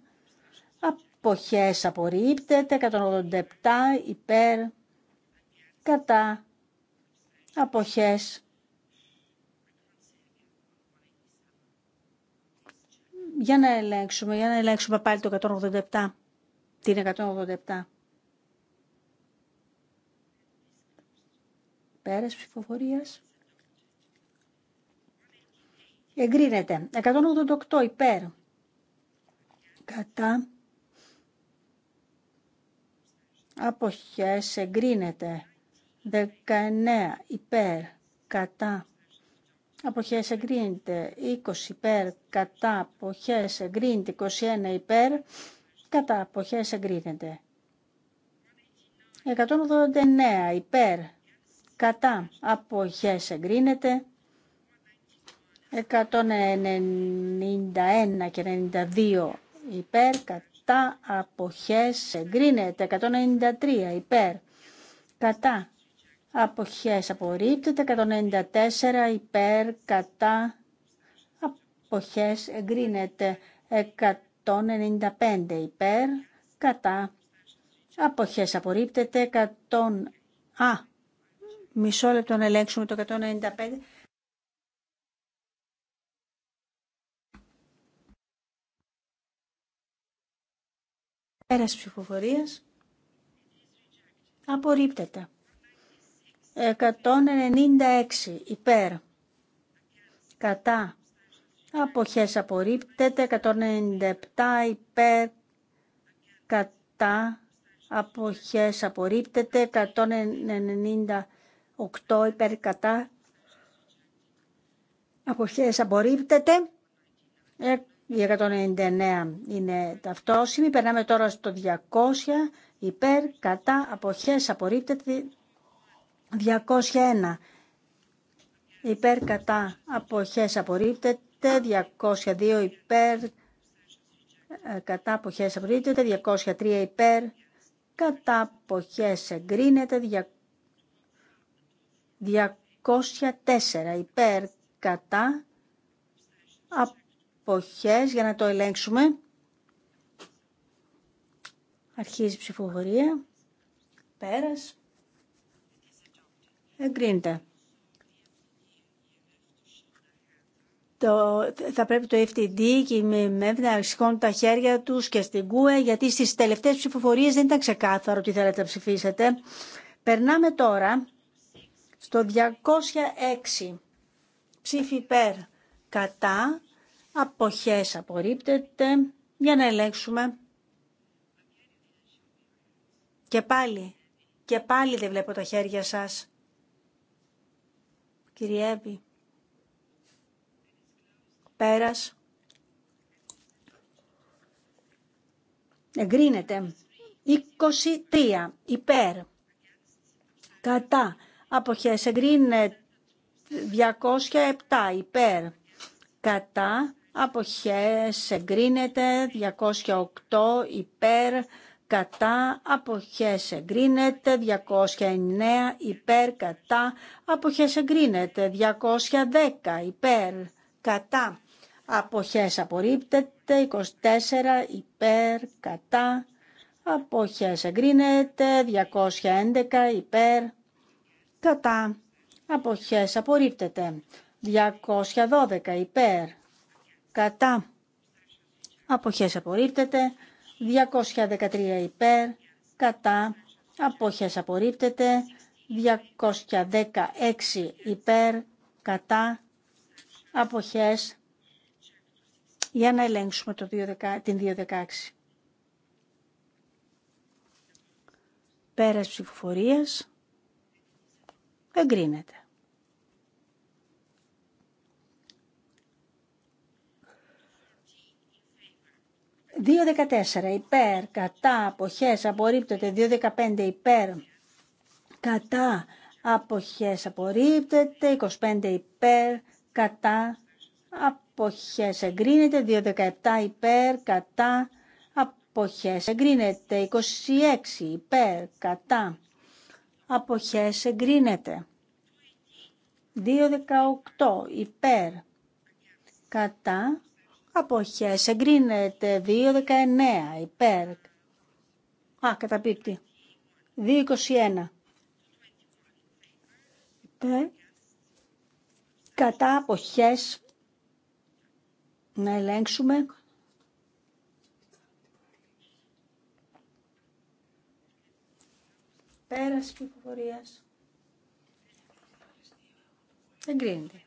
αποχές απορρίπτεται 187 υπέρ κατά αποχές για να ελέγξουμε για να ελέγξουμε πάλι το 187 την 187 πέρας ψηφοφορίας εγκρίνεται 188 υπέρ κατά αποχές εγκρίνεται 19 υπέρ κατά αποχές εγκρίνεται 20 υπέρ κατά αποχές εγκρίνεται 21 υπέρ κατά αποχές εγκρίνεται 189 υπέρ κατά αποχές εγκρίνεται 191 και 92 υπέρ κατά κατά αποχές εγκρίνεται 193 υπέρ κατά αποχές απορρίπτεται 194 υπέρ κατά αποχές εγκρίνεται 195 υπέρ κατά αποχές απορρίπτεται 100 α μισό λεπτό να ελέγξουμε το 195 Πέρας ψηφοφορία. Απορρίπτεται. 196 υπέρ. Κατά. Αποχές απορρίπτεται. 197 υπέρ. Κατά. Αποχές απορρίπτεται. 198 υπέρ. Κατά. Αποχές απορρίπτεται. Η 199 είναι ταυτόσιμη. Περνάμε τώρα στο 200. Υπέρ, κατά, αποχές, απορρίπτεται. 201. Υπέρ, κατά, αποχές, απορρίπτεται. 202 υπέρ, ε, κατά, αποχές, απορρίπτεται. 203 υπέρ, κατά, αποχές, εγκρίνεται. 204 υπέρ, κατά, για να το ελέγξουμε. Αρχίζει η ψηφοφορία. Πέρας. Εγκρίνεται. Το, θα πρέπει το FTD και η ΜΕΒ να σηκώνουν τα χέρια τους και στην ΚΟΕ γιατί στις τελευταίες ψηφοφορίες δεν ήταν ξεκάθαρο τι θέλετε να ψηφίσετε. Περνάμε τώρα στο 206. Ψήφι υπέρ κατά αποχές απορρίπτεται για να ελέγξουμε. Και πάλι, και πάλι δεν βλέπω τα χέρια σας. Κυριεύει. Πέρας. Εγκρίνεται. 23 υπέρ. Κατά. Αποχές εγκρίνεται. 207 υπέρ. Κατά αποχές εγκρίνεται 208 υπέρ κατά αποχές εγκρίνεται 209 υπέρ κατά αποχές εγκρίνεται 210 υπέρ κατά αποχές απορρίπτεται 24 υπέρ κατά αποχές εγκρίνεται 211 υπέρ κατά αποχές απορρίπτεται 212 υπέρ κατά αποχές απορρίπτεται, 213 υπέρ κατά αποχές απορρίπτεται, 216 υπέρ κατά αποχές για να ελέγξουμε το 2, την 216. Πέρας ψηφοφορίας εγκρίνεται. 2.14 υπέρ, κατά, αποχές, απορρίπτεται. 2.15 υπέρ, κατά, αποχές, απορρίπτεται. 25 υπέρ, κατά, αποχές, εγκρίνεται. 2.17 υπέρ, κατά, αποχές, εγκρίνεται. 26 υπέρ, κατά, αποχές, εγκρίνεται. 2.18 υπέρ, κατά, Αποχές. Εγκρίνεται. 2.19. Υπέρ. Α, καταπίπτει. 2.21. Υπέρ. Κατά αποχές. Να ελέγξουμε. Πέρας πληροφορία. Εγκρίνεται.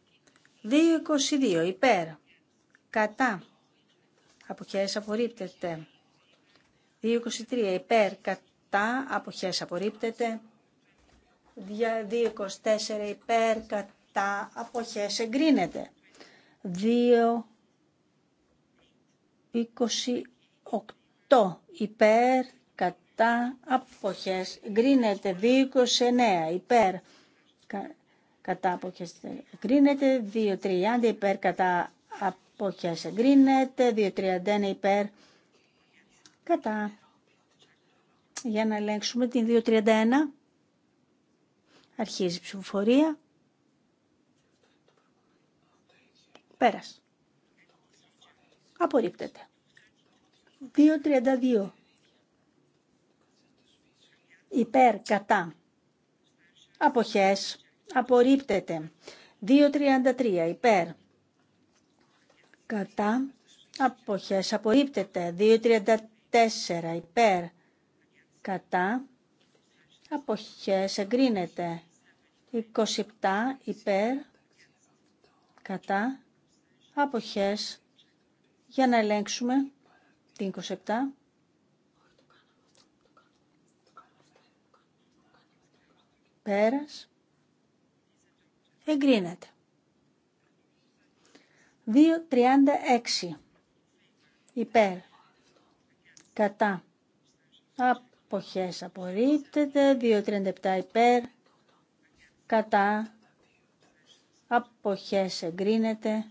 2.22. Υπέρ κατά, αποχές απορρίπτεται. 2.23 υπέρ, κατά, αποχές απορρίπτεται. 2.24 υπέρ, κατά, αποχές εγκρίνεται. 2.28 υπέρ, κατά, αποχές εγκρίνεται. 2.29 υπέρ, κατά, αποχές εγκρίνεται. 2.30 υπέρ, κατά, Αποχές εγκρίνεται. 2.31 υπέρ. Κατά. Για να ελέγξουμε την 2.31. Αρχίζει η ψηφοφορία. Πέρας. Απορρίπτεται. 2.32. Υπέρ, κατά. Αποχές. Απορρίπτεται. 2.33. Υπέρ κατά, αποχές, απορρίπτεται. 2.34 υπέρ, κατά, αποχές, εγκρίνεται. 27 υπέρ, κατά, αποχές, για να ελέγξουμε την 27. Πέρας. Εγκρίνεται. 2.36 υπέρ κατά αποχές απορρίπτεται 2.37 υπέρ κατά αποχές εγκρίνεται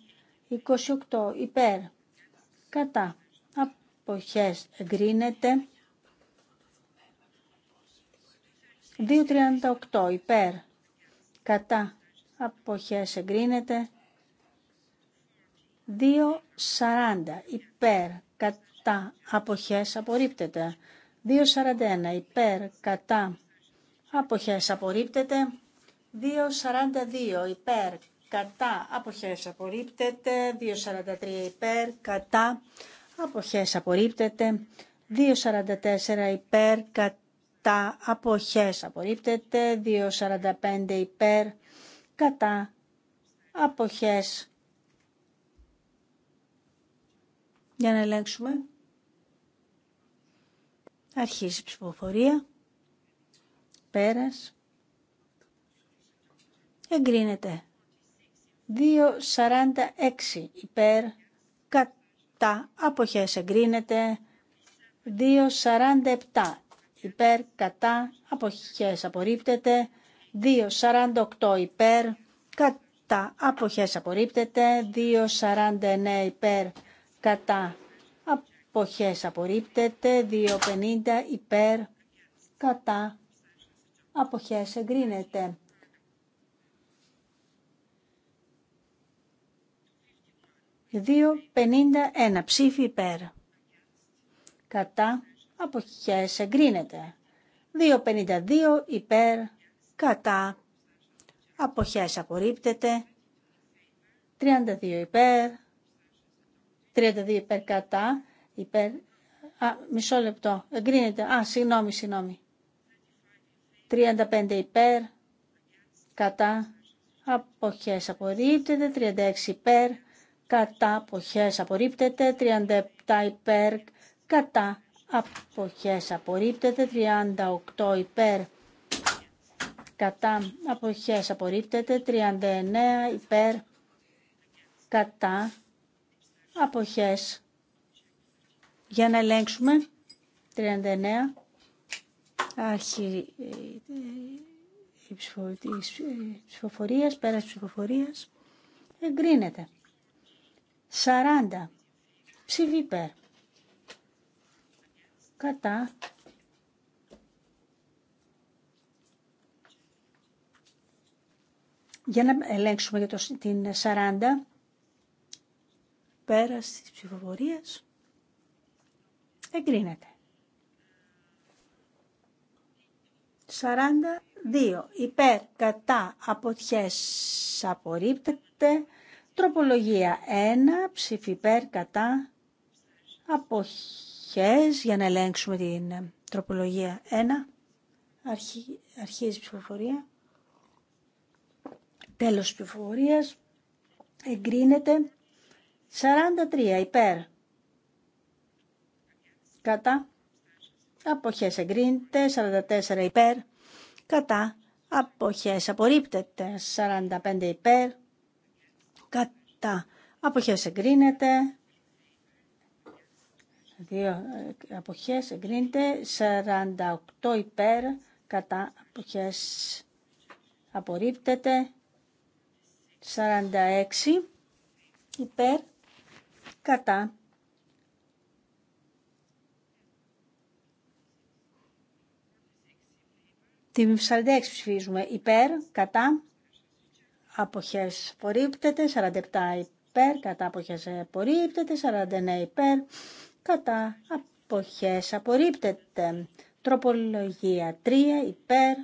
28 υπέρ κατά αποχές εγκρίνεται 2.38 υπέρ κατά αποχές εγκρίνεται 2.40 υπέρ κατά αποχές απορρίπτεται. 2.41 υπέρ κατά αποχές απορρίπτεται. 2.42 υπέρ κατά αποχές απορρίπτεται. 2.43 υπέρ κατά αποχές απορρίπτεται. 2.44 υπέρ κατά αποχές απορρίπτεται. 2.45 υπέρ κατά αποχές Για να ελέγξουμε. Αρχίζει η ψηφοφορία. Πέρας. Εγκρίνεται. 2.46 υπέρ κατά αποχές εγκρίνεται. 2.47 υπέρ κατά αποχές απορρίπτεται. 2.48 υπέρ κατά αποχές απορρίπτεται. 2.49 υπέρ κατά αποχές απορρίπτεται, 2.50 υπέρ κατά αποχές εγκρίνεται. 2.51 ψήφι υπέρ κατά αποχές εγκρίνεται. 2.52 υπέρ κατά αποχές απορρίπτεται. 32 υπέρ 32 υπέρ κατά, υπέρ... Α, μισό λεπτό. Εγκρίνεται. Α, συγγνώμη, συγγνώμη. 35 υπέρ, κατά, αποχές απορρίπτεται. 36 υπέρ, κατά, αποχές απορρίπτεται. 37 υπέρ, κατά, αποχές απορρίπτεται. 38 υπέρ, κατά, αποχές απορρίπτεται. 39 υπέρ, κατά, αποχές. Για να ελέγξουμε. 39. Άρχη ε, ψηφοφορία, ε, ψηφοφορίας, πέρας της ψηφοφορίας. Εγκρίνεται. 40. Ψήφι Κατά. Για να ελέγξουμε για το, την 40. Πέραση της ψηφοφορίας εγκρίνεται. 42. Υπέρ, κατά, αποτιές, απορρίπτεται. Τροπολογία 1. Ψήφι υπέρ, κατά, αποχές. Για να ελέγξουμε την ε, τροπολογία 1. Αρχι, αρχίζει η ψηφοφορία. Τέλος ψηφοφορίας. Εγκρίνεται. 43 υπέρ. Κατά. Αποχές εγκρίνεται. 44 υπέρ. Κατά. Αποχές απορρίπτεται. 45 υπέρ. Κατά. Αποχές εγκρίνεται. Δύο ε, αποχές εγκρίνεται. 48 υπέρ. Κατά. Αποχές απορρίπτεται. 46 υπέρ κατά Την 46 ψηφίζουμε υπέρ, κατά, αποχές απορρίπτεται, 47 υπέρ, κατά αποχές απορρίπτεται, 49 υπέρ, κατά αποχές απορρίπτεται. Τροπολογία 3 υπέρ,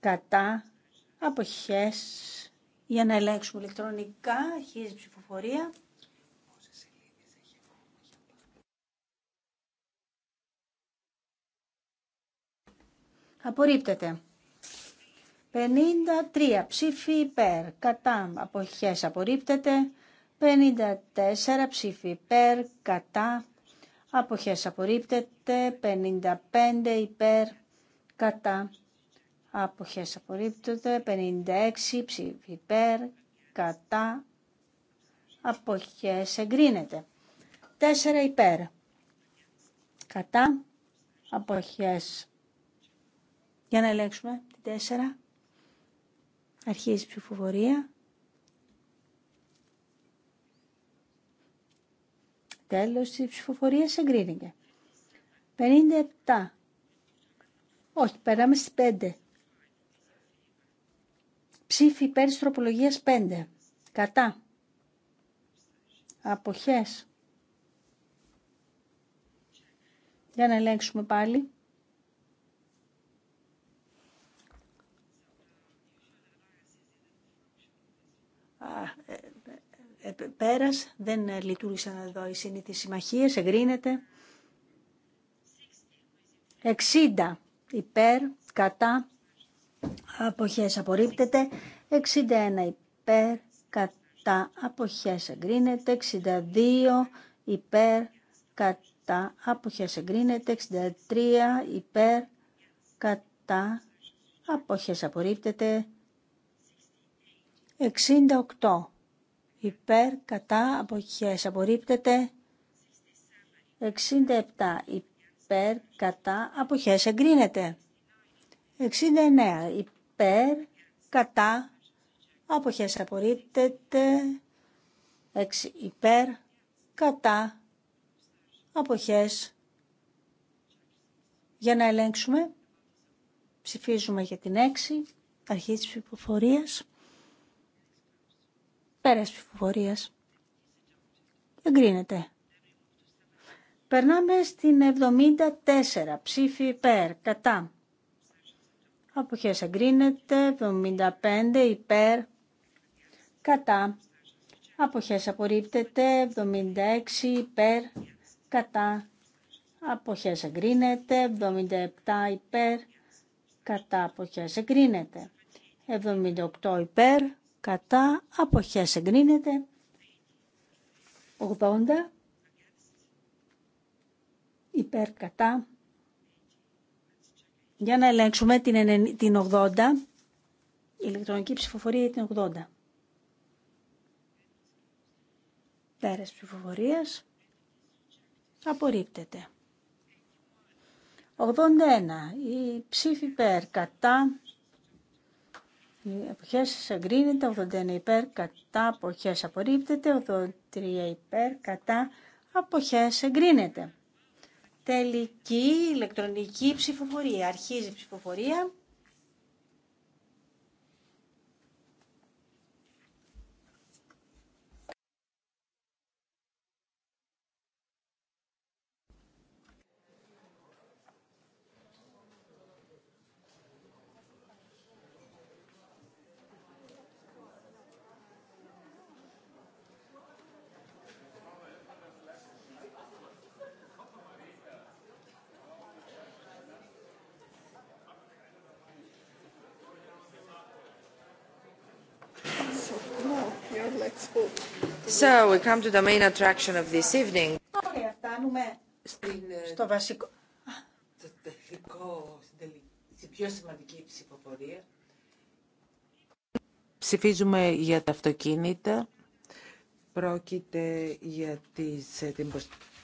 κατά αποχές. Για να ελέγξουμε ηλεκτρονικά, αρχίζει ψηφοφορία. Απορρίπτεται. 53 ψήφι υπέρ, κατά αποχές απορρίπτεται. 54 ψήφι υπέρ, κατά αποχές απορρίπτεται. 55 υπέρ, κατά αποχές απορρίπτεται. 56 ψήφι υπέρ, κατά αποχές εγκρίνεται. 4 υπέρ, κατά αποχές για να ελέγξουμε την 4. Αρχίζει η ψηφοφορία. Τέλος της ψηφοφορίας εγκρίνηκε. 57. Όχι, περάμε στις 5. Ψήφι υπέρ της τροπολογίας 5. Κατά. Αποχές. Για να ελέγξουμε πάλι. Ε, ε, ε, πέρας, δεν λειτουργήσαν εδώ οι συνήθεις συμμαχίες, εγκρίνεται. 60 υπέρ, κατά, αποχές απορρίπτεται. 61 υπέρ, κατά, αποχές εγκρίνεται. 62 υπέρ, κατά, αποχές εγκρίνεται. 63 υπέρ, κατά, αποχές απορρίπτεται. 68 υπέρ κατά αποχές απορρίπτεται 67 υπέρ κατά αποχές εγκρίνεται 69 υπέρ κατά αποχές απορρίπτεται 6 υπέρ κατά αποχές για να ελέγξουμε ψηφίζουμε για την 6 αρχή της ψηφοφορίας Πέρας ψηφοφορίας. Εγκρίνεται. Περνάμε στην 74. Ψήφι υπέρ. Κατά. Αποχές εγκρίνεται. 75 υπέρ. Κατά. Αποχές απορρίπτεται. 76 υπέρ. Κατά. Αποχές εγκρίνεται. 77 υπέρ. Κατά. Αποχές εγκρίνεται. 78 υπέρ κατά, αποχές εγκρίνεται. 80 υπέρ κατά. Για να ελέγξουμε την 80, η ηλεκτρονική ψηφοφορία την 80. Πέρες ψηφοφορίας απορρίπτεται. 81. Η ψήφι υπέρ κατά Αποχές εγκρίνεται, 81 υπέρ κατά αποχές απορρίπτεται, 83 υπέρ κατά αποχές εγκρίνεται. Τελική ηλεκτρονική ψηφοφορία. Αρχίζει η ψηφοφορία. So, we come to the main attraction of this evening. Ε, στο τελικό, πιο σημαντική ψηφοφορία. Ψηφίζουμε για τα αυτοκίνητα. Πρόκειται για τις, ε,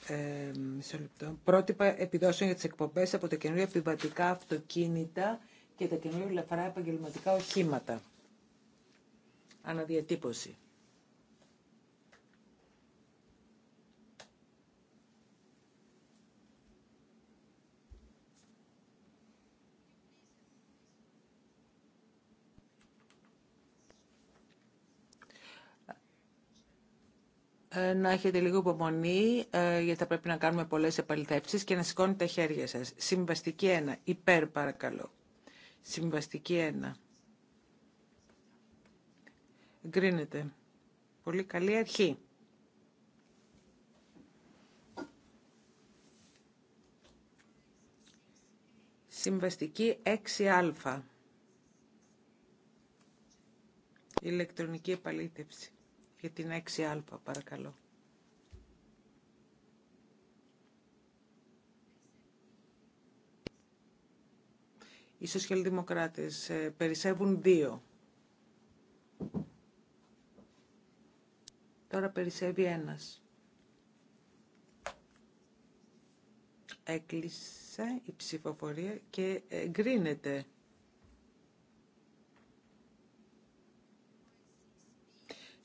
ε, λεπτό, πρότυπα επιδόσεων για τις εκπομπές από τα καινούργια επιβατικά αυτοκίνητα και τα καινούργια λαφρά επαγγελματικά οχήματα. Αναδιατύπωση. Ε, να έχετε λίγο υπομονή, ε, γιατί θα πρέπει να κάνουμε πολλές επαληθεύσεις και να σηκώνετε τα χέρια σας. Συμβαστική 1. Υπέρ παρακαλώ. Συμβαστική 1. Εγκρίνεται. Πολύ καλή αρχή. Συμβαστική 6α. Ηλεκτρονική επαλήθευση για την 6α, παρακαλώ. Οι σοσιαλδημοκράτες ε, περισσεύουν δύο. Τώρα περισσεύει ένας. Έκλεισε η ψηφοφορία και εγκρίνεται.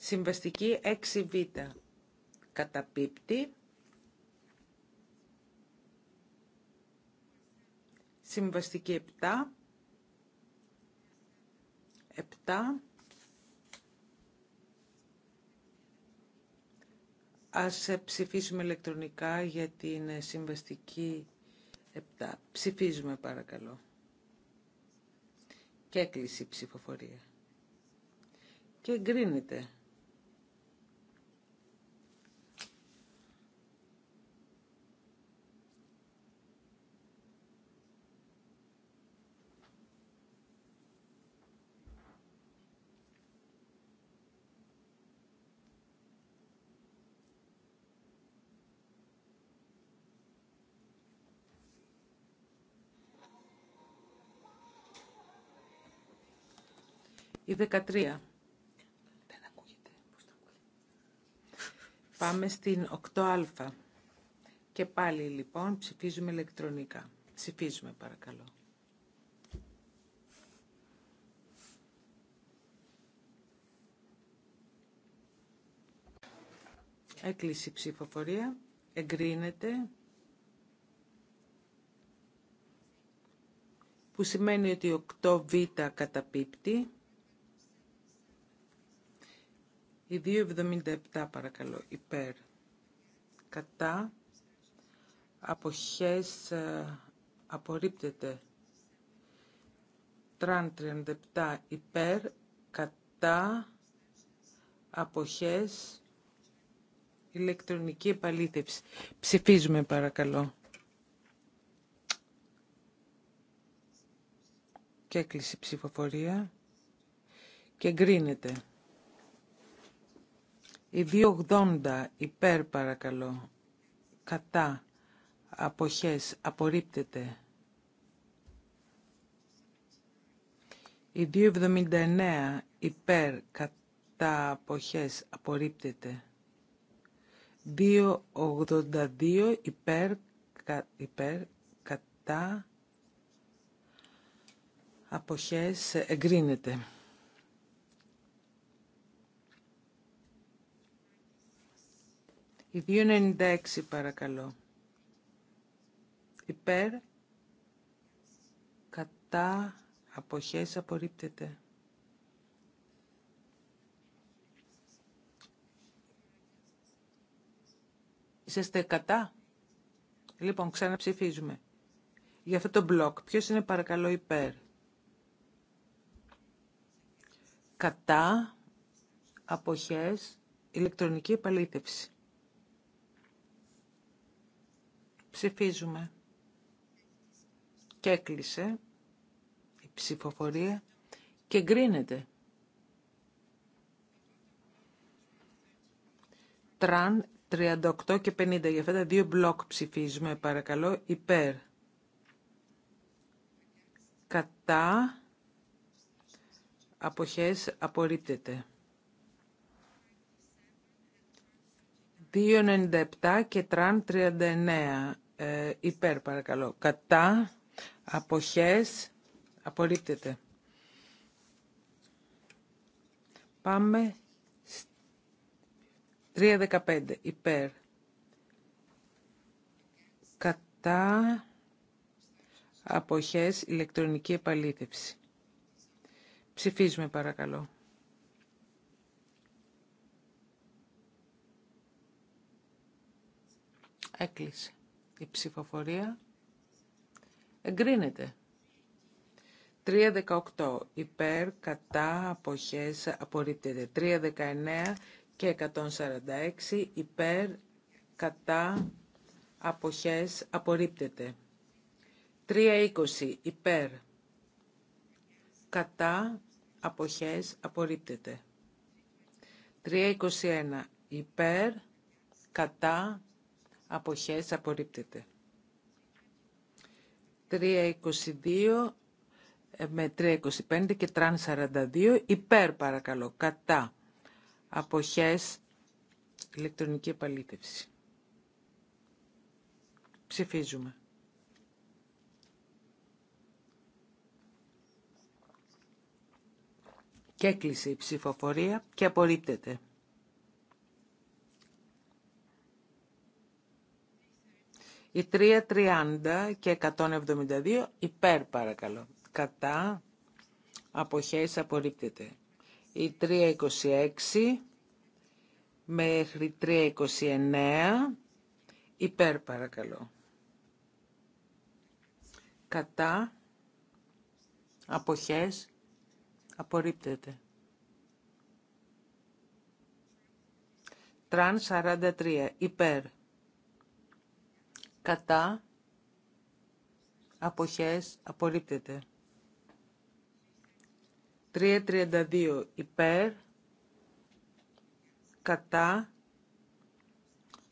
Συμβαστική 6β καταπίπτει. Συμβαστική 7. 7. Ας ε, ψηφίσουμε ηλεκτρονικά για την ε, συμβαστική 7. Ψηφίζουμε παρακαλώ. Και έκλεισε η ψηφοφορία. Και εγκρίνεται. Η 13. Πάμε στην 8α. Και πάλι λοιπόν ψηφίζουμε ηλεκτρονικά. Ψηφίζουμε παρακαλώ. Έκλεισε η ψηφοφορία. Εγκρίνεται. Που σημαίνει ότι 8β καταπίπτει. Η 277 παρακαλώ, υπέρ. Κατά. Αποχές ε, απορρίπτεται. Τραν 37 υπέρ. Κατά. Αποχές. Ηλεκτρονική επαλήθευση. Ψηφίζουμε παρακαλώ. Και έκλεισε η ψηφοφορία. Και εγκρίνεται. Η 280 υπέρ παρακαλώ. Κατά. Αποχές. Απορρίπτεται. Η 279 υπέρ κατά αποχές απορρίπτεται. 282 υπέρ, κα, υπέρ κατά αποχές εγκρίνεται. Η 296 παρακαλώ. Υπέρ, κατά, αποχές απορρίπτεται. Είσαστε κατά. Λοιπόν, ξαναψηφίζουμε. Για αυτό το μπλοκ, ποιος είναι παρακαλώ υπέρ. Κατά, αποχές, ηλεκτρονική επαλήθευση. Ψηφίζουμε. Και έκλεισε η ψηφοφορία και γκρίνεται. Τραν 38 και 50. Για αυτά τα δύο μπλοκ ψηφίζουμε, παρακαλώ, υπέρ. Κατά αποχές απορρίπτεται. 2,97 και τραν 39. Ε, υπέρ παρακαλώ. Κατά αποχές απορρίπτεται. Πάμε 3.15 υπέρ. Κατά αποχές ηλεκτρονική επαλήθευση. Ψηφίζουμε παρακαλώ. Έκλεισε η ψηφοφορία εγκρίνεται. 3.18 υπέρ, κατά, αποχές, απορρίπτεται. 3.19 και 146 υπέρ, κατά, αποχές, απορρίπτεται. 3.20 υπέρ, κατά, αποχές, απορρίπτεται. 3.21 υπέρ, κατά, αποχές απορρίπτεται. 322 ε, με 325 και τραν 42 υπέρ παρακαλώ κατά αποχές ηλεκτρονική επαλήθευση. Ψηφίζουμε. Και έκλεισε η ψηφοφορία και απορρίπτεται. Η 330 και 172 υπέρ παρακαλώ. Κατά αποχές απορρίπτεται. Η 326 μέχρι 329 υπέρ παρακαλώ. Κατά αποχές απορρίπτεται. Τραν 43 υπέρ κατά, αποχές, απορρίπτεται. 3.32 υπέρ, κατά,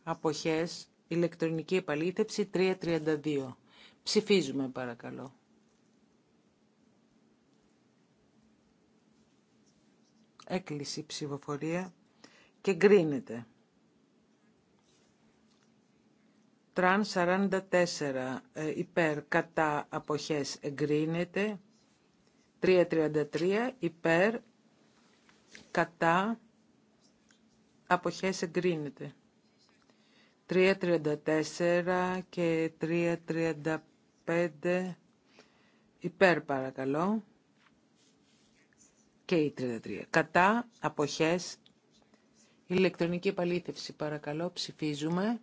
αποχές, ηλεκτρονική επαλήθευση 3.32. Ψηφίζουμε παρακαλώ. Έκλεισε η ψηφοφορία και γκρίνεται. Τραν 44 ε, υπέρ κατά αποχές εγκρίνεται. 333 υπέρ κατά αποχές εγκρίνεται. 334 και 335 υπέρ παρακαλώ και η 33. Κατά αποχές ηλεκτρονική επαλήθευση παρακαλώ ψηφίζουμε.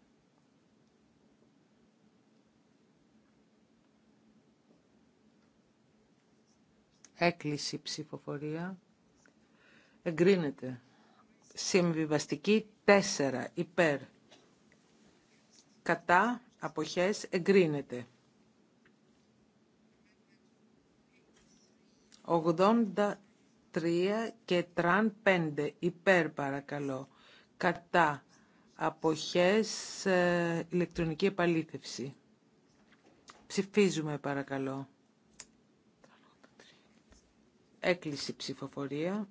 Έκλειση ψηφοφορία. Εγκρίνεται. Συμβιβαστική 4 υπέρ. Κατά αποχές εγκρίνεται. 83 και τραν 5 υπέρ παρακαλώ. Κατά αποχές ε, ηλεκτρονική επαλήθευση. Ψηφίζουμε παρακαλώ. Έκλεισε η ψηφοφορία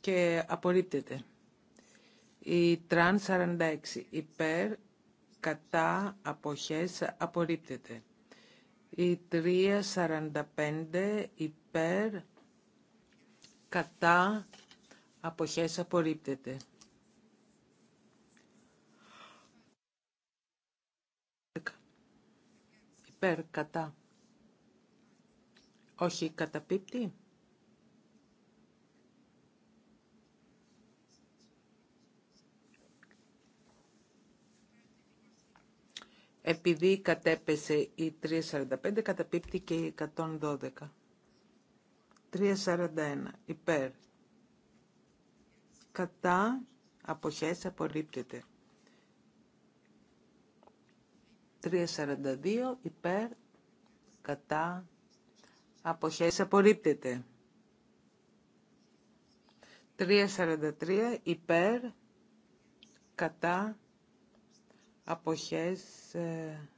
και απορρίπτεται. Η τραν 46 υπέρ, κατά, αποχές, απορρίπτεται. Η 345 υπέρ, κατά, αποχές, απορρίπτεται. Υπέρ, κατά, όχι καταπίπτει. Επειδή κατέπεσε η 3.45, καταπίπτει και η 112. 3.41. Υπέρ. Κατά αποχές απορρίπτεται. 3.42. Υπέρ. Κατά αποχές απορρίπτεται. 3.43 υπέρ κατά αποχές ε,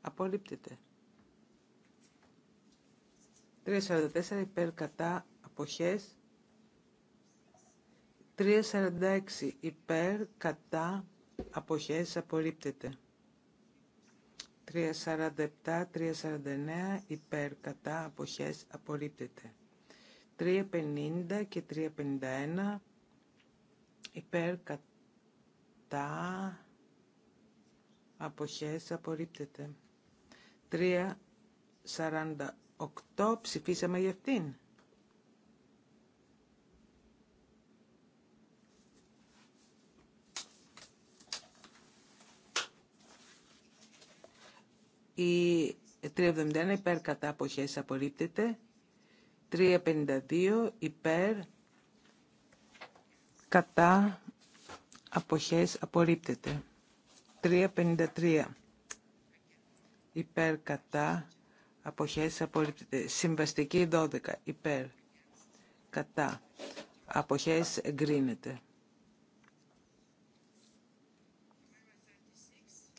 απορρίπτεται. 3.44 υπέρ κατά αποχές 3.46 υπέρ κατά αποχές απορρίπτεται. 347-349 υπέρ κατά αποχές απορρίπτεται. 350 και 351 υπέρ κατά αποχές απορρίπτεται. 348 ψηφίσαμε για αυτήν. Η 371 υπέρ κατά αποχές απορρίπτεται. 352 υπέρ κατά αποχές απορρίπτεται. 353 υπέρ κατά αποχές απορρίπτεται. Συμβαστική 12 υπέρ κατά αποχές εγκρίνεται.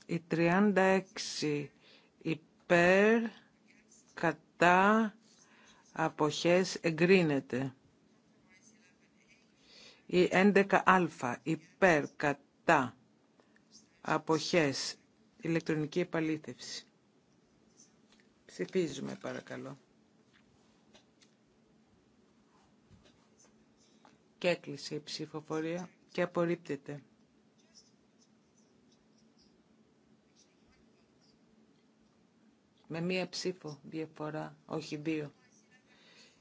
Η 36 υπέρ, κατά, αποχές, εγκρίνεται. Η 11α, υπέρ, κατά, αποχές, ηλεκτρονική επαλήθευση. Ψηφίζουμε παρακαλώ. Και έκλεισε η ψηφοφορία και απορρίπτεται. με μία ψήφο διαφορά, όχι δύο.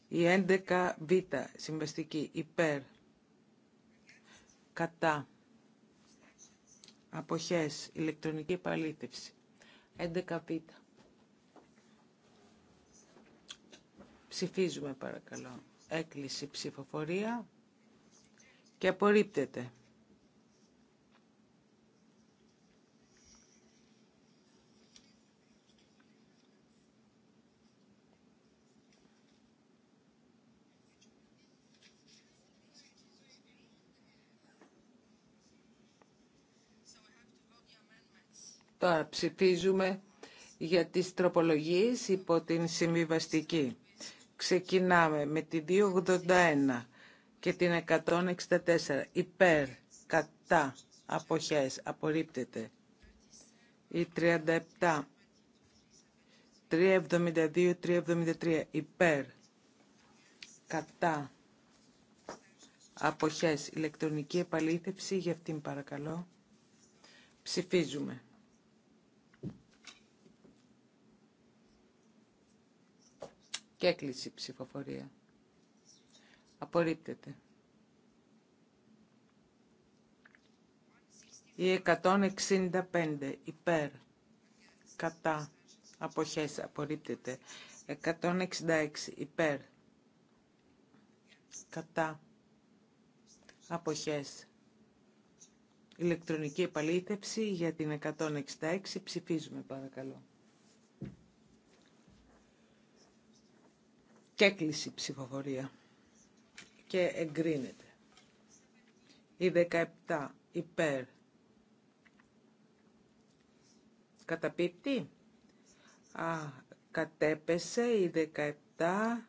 Η 11 β συμβαστική υπέρ κατά αποχές ηλεκτρονική επαλήθευση 11 β. Ψηφίζουμε παρακαλώ. Έκλειση ψηφοφορία και απορρίπτεται. Τώρα ψηφίζουμε για τις τροπολογίες υπό την συμβιβαστική. Ξεκινάμε με τη 281 και την 164. Υπέρ, κατά, αποχές, απορρίπτεται. Η 37, 372, 373. Υπέρ, κατά, αποχές. Ηλεκτρονική επαλήθευση για αυτήν παρακαλώ. Ψηφίζουμε. και έκλεισε η ψηφοφορία. Απορρίπτεται. Η 165 υπέρ, κατά, αποχές, απορρίπτεται. 166 υπέρ, κατά, αποχές. Ηλεκτρονική επαλήθευση για την 166 ψηφίζουμε παρακαλώ. και η ψηφοφορία και εγκρίνεται. Η 17 υπέρ καταπίπτει. Α, κατέπεσε η 17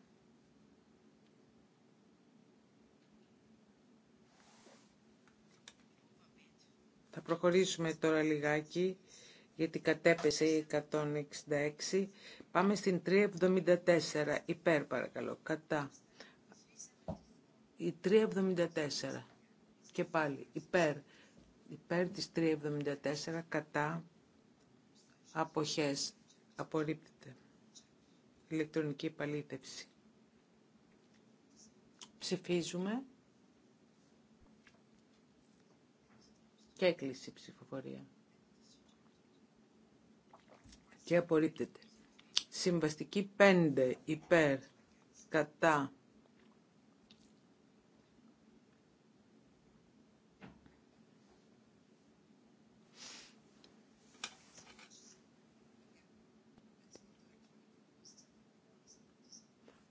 Θα προχωρήσουμε τώρα λιγάκι γιατί κατέπεσε η 166 Πάμε στην 374. Υπέρ παρακαλώ. Κατά. Η 374. Και πάλι. Υπέρ. Υπέρ της 374. Κατά. Αποχές. Απορρίπτεται. Ηλεκτρονική επαλήτευση. Ψηφίζουμε. Και έκλεισε η ψηφοφορία. Και απορρίπτεται. Συμβαστική 5 υπέρ κατά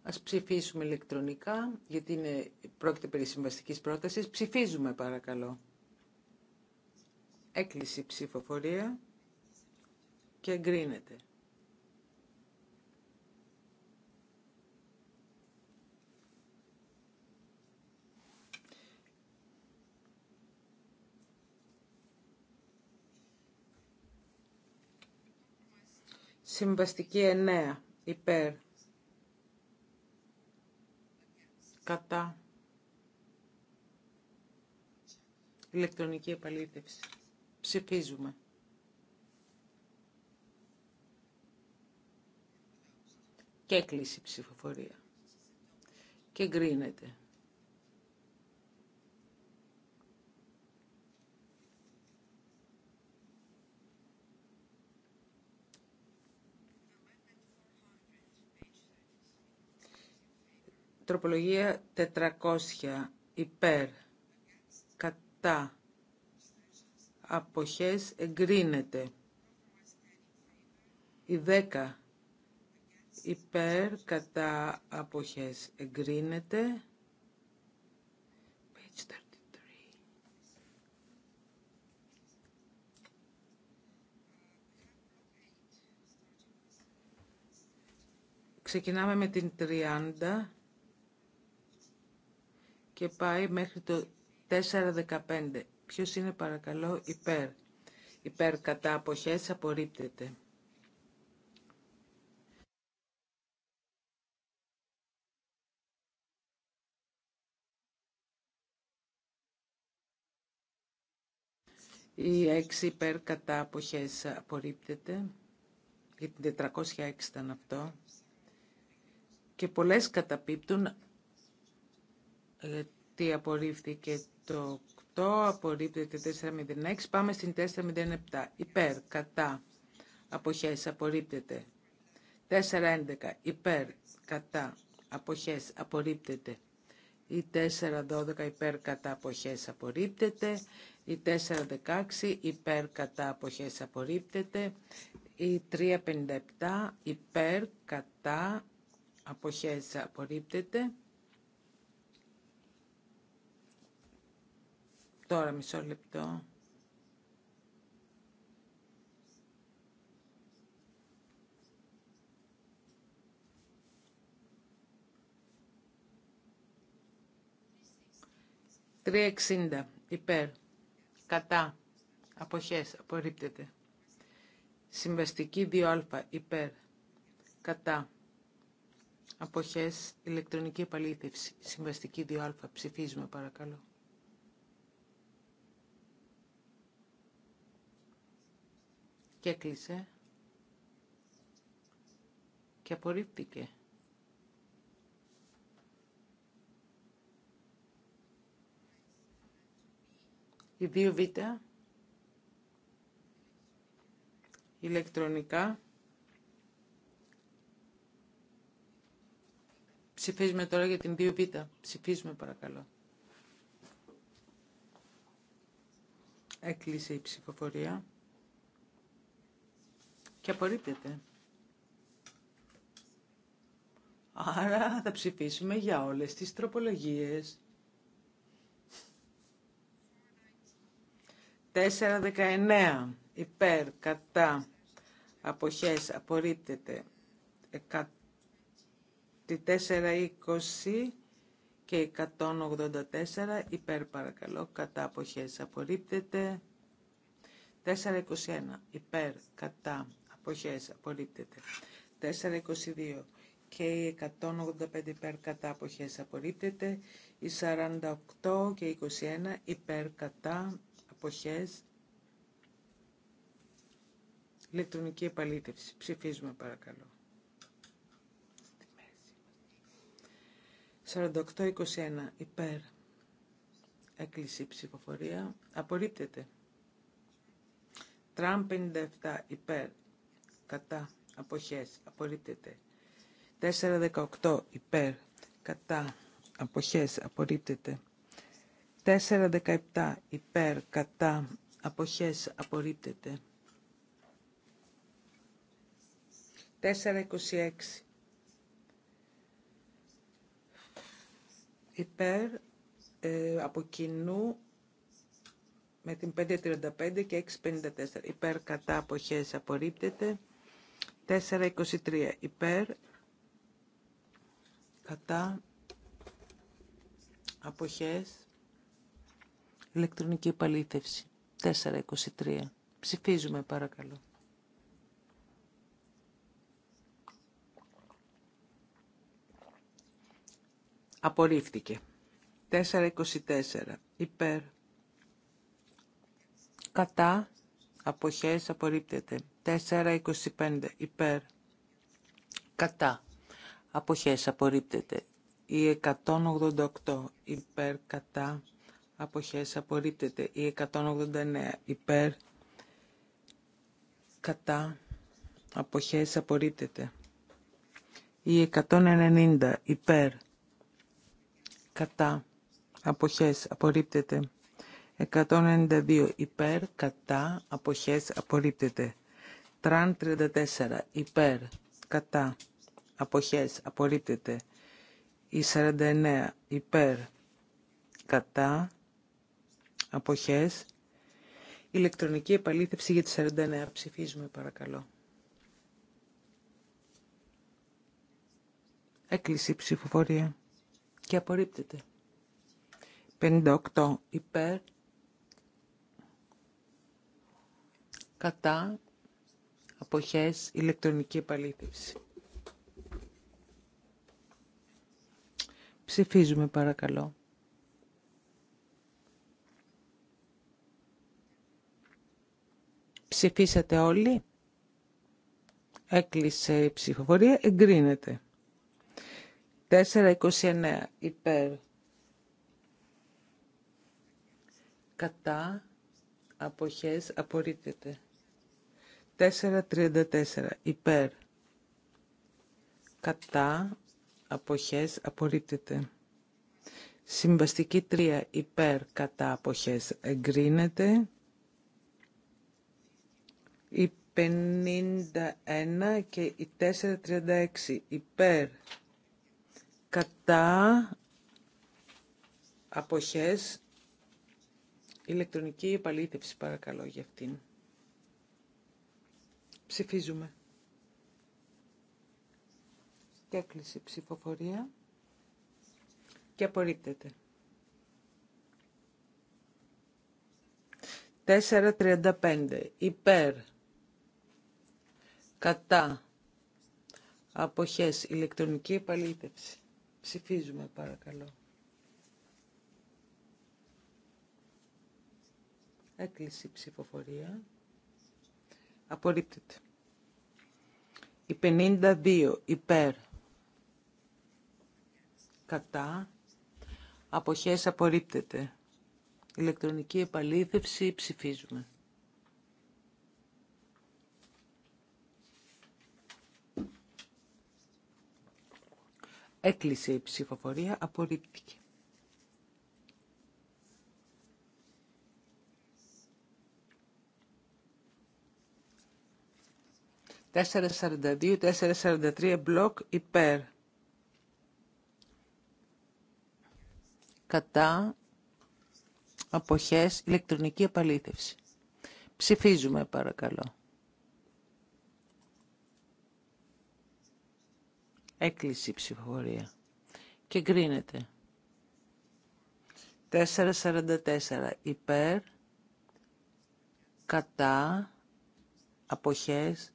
Ας ψηφίσουμε ηλεκτρονικά, γιατί είναι, πρόκειται περί συμβαστικής πρότασης. Ψηφίζουμε παρακαλώ. Έκλεισε η ψηφοφορία και εγκρίνεται. Συμβαστική 9. Υπέρ. Κατά. Ηλεκτρονική επαλήθευση. Ψηφίζουμε. Και κλείσει η ψηφοφορία. Και γκρίνεται. Τροπολογία 400 υπέρ κατά αποχές εγκρίνεται. Η 10 υπέρ κατά αποχές εγκρίνεται. Ξεκινάμε με την 30 και πάει μέχρι το 4.15. Ποιος είναι παρακαλώ υπέρ. Υπέρ κατά αποχές απορρίπτεται. Η 6 υπέρ κατά αποχές απορρίπτεται. Γιατί 406 ήταν αυτό. Και πολλές καταπίπτουν ε, τι απορρίφθηκε το 8, απορρίπτεται 406, πάμε στην 407, υπέρ, κατά, αποχές, απορρίπτεται. 411, υπέρ, κατά, αποχές, απορρίπτεται. Η 412 υπέρ κατά αποχές απορρίπτεται. Η 416 υπέρ κατά αποχές απορρίπτεται. Η 357 υπέρ κατά αποχές απορρίπτεται. Τώρα μισό 360 Τρία εξήντα. Υπέρ. Κατά. Αποχές. Απορρίπτεται. Συμβαστική 2α. Υπέρ. Κατά. Αποχές. Ηλεκτρονική επαλήθευση. Συμβαστική 2α. Ψηφίζουμε παρακαλώ. και έκλεισε και απορρίφθηκε. Η 2β ηλεκτρονικά Ψηφίζουμε τώρα για την 2β. Ψηφίζουμε παρακαλώ. Έκλεισε η ψηφοφορία και απορρίπτεται. Άρα θα ψηφίσουμε για όλες τις τροπολογίες. 419 υπέρ κατά αποχές απορρίπτεται. 420 και 184 υπέρ παρακαλώ κατά αποχές απορρίπτεται. 421 υπέρ κατά αποχές απορρίπτεται. 422 και οι 185 υπέρ κατά αποχές απορρίπτεται. Οι 48 και 21 υπέρ κατά αποχές ηλεκτρονική επαλήθευση. Ψηφίζουμε παρακαλώ. 48-21 υπέρ έκλειση ψηφοφορία απορρίπτεται. Τραμπ 57 υπέρ κατά αποχές απορρίπτεται. 418 υπέρ κατά αποχές απορρίπτεται. 417 υπέρ κατά αποχές απορρίπτεται. 426 υπέρ ε, από κοινού με την 535 και 654 υπέρ κατά αποχές απορρίπτεται. 423 υπέρ κατά αποχές ηλεκτρονική επαλήθευση 423 ψηφίζουμε παρακαλώ απορρίφθηκε 424 υπέρ κατά αποχές απορρίπτεται 4.25 υπέρ κατά αποχές απορρίπτεται η 188 υπέρ κατά αποχές απορρίπτεται η 189 υπέρ κατά αποχές απορρίπτεται η 190 υπέρ κατά αποχές απορρίπτεται 192 υπέρ κατά αποχές απορρίπτεται Τραν 34. Υπέρ. Κατά. Αποχές. Απορρίπτεται. Η 49. Υπέρ. Κατά. Αποχές. Ηλεκτρονική επαλήθευση για τη 49. Ψηφίζουμε παρακαλώ. Έκλεισε η ψηφοφορία και απορρίπτεται. 58 υπέρ, κατά, αποχές, ηλεκτρονική επαλήθευση. Ψηφίζουμε παρακαλώ. Ψηφίσατε όλοι. Έκλεισε η ψηφοφορία. Εγκρίνεται. 4.29 υπέρ. Κατά. Αποχές απορρίπτεται. 4.34 υπέρ κατά αποχές απορρίπτεται. Συμβαστική 3 υπέρ κατά αποχές εγκρίνεται. Η 51 και η 436 υπέρ κατά αποχές ηλεκτρονική επαλήθευση παρακαλώ για αυτήν. Ψηφίζουμε. Και έκλεισε η ψηφοφορία και απορρίπτεται. 4.35. Υπέρ. Κατά. Αποχές. Ηλεκτρονική επαλήθευση. Ψηφίζουμε παρακαλώ. Έκλεισε η ψηφοφορία. Απορρίπτεται. Η 52 υπέρ κατά αποχές απορρίπτεται. Ηλεκτρονική επαλήθευση ψηφίζουμε. Έκλεισε η ψηφοφορία, απορρίπτηκε. 442, 443 μπλοκ υπέρ. Κατά αποχές ηλεκτρονική επαλήθευση. Ψηφίζουμε παρακαλώ. Έκλεισε η ψηφοφορία. Και γκρίνεται. 444 υπέρ, κατά, αποχές,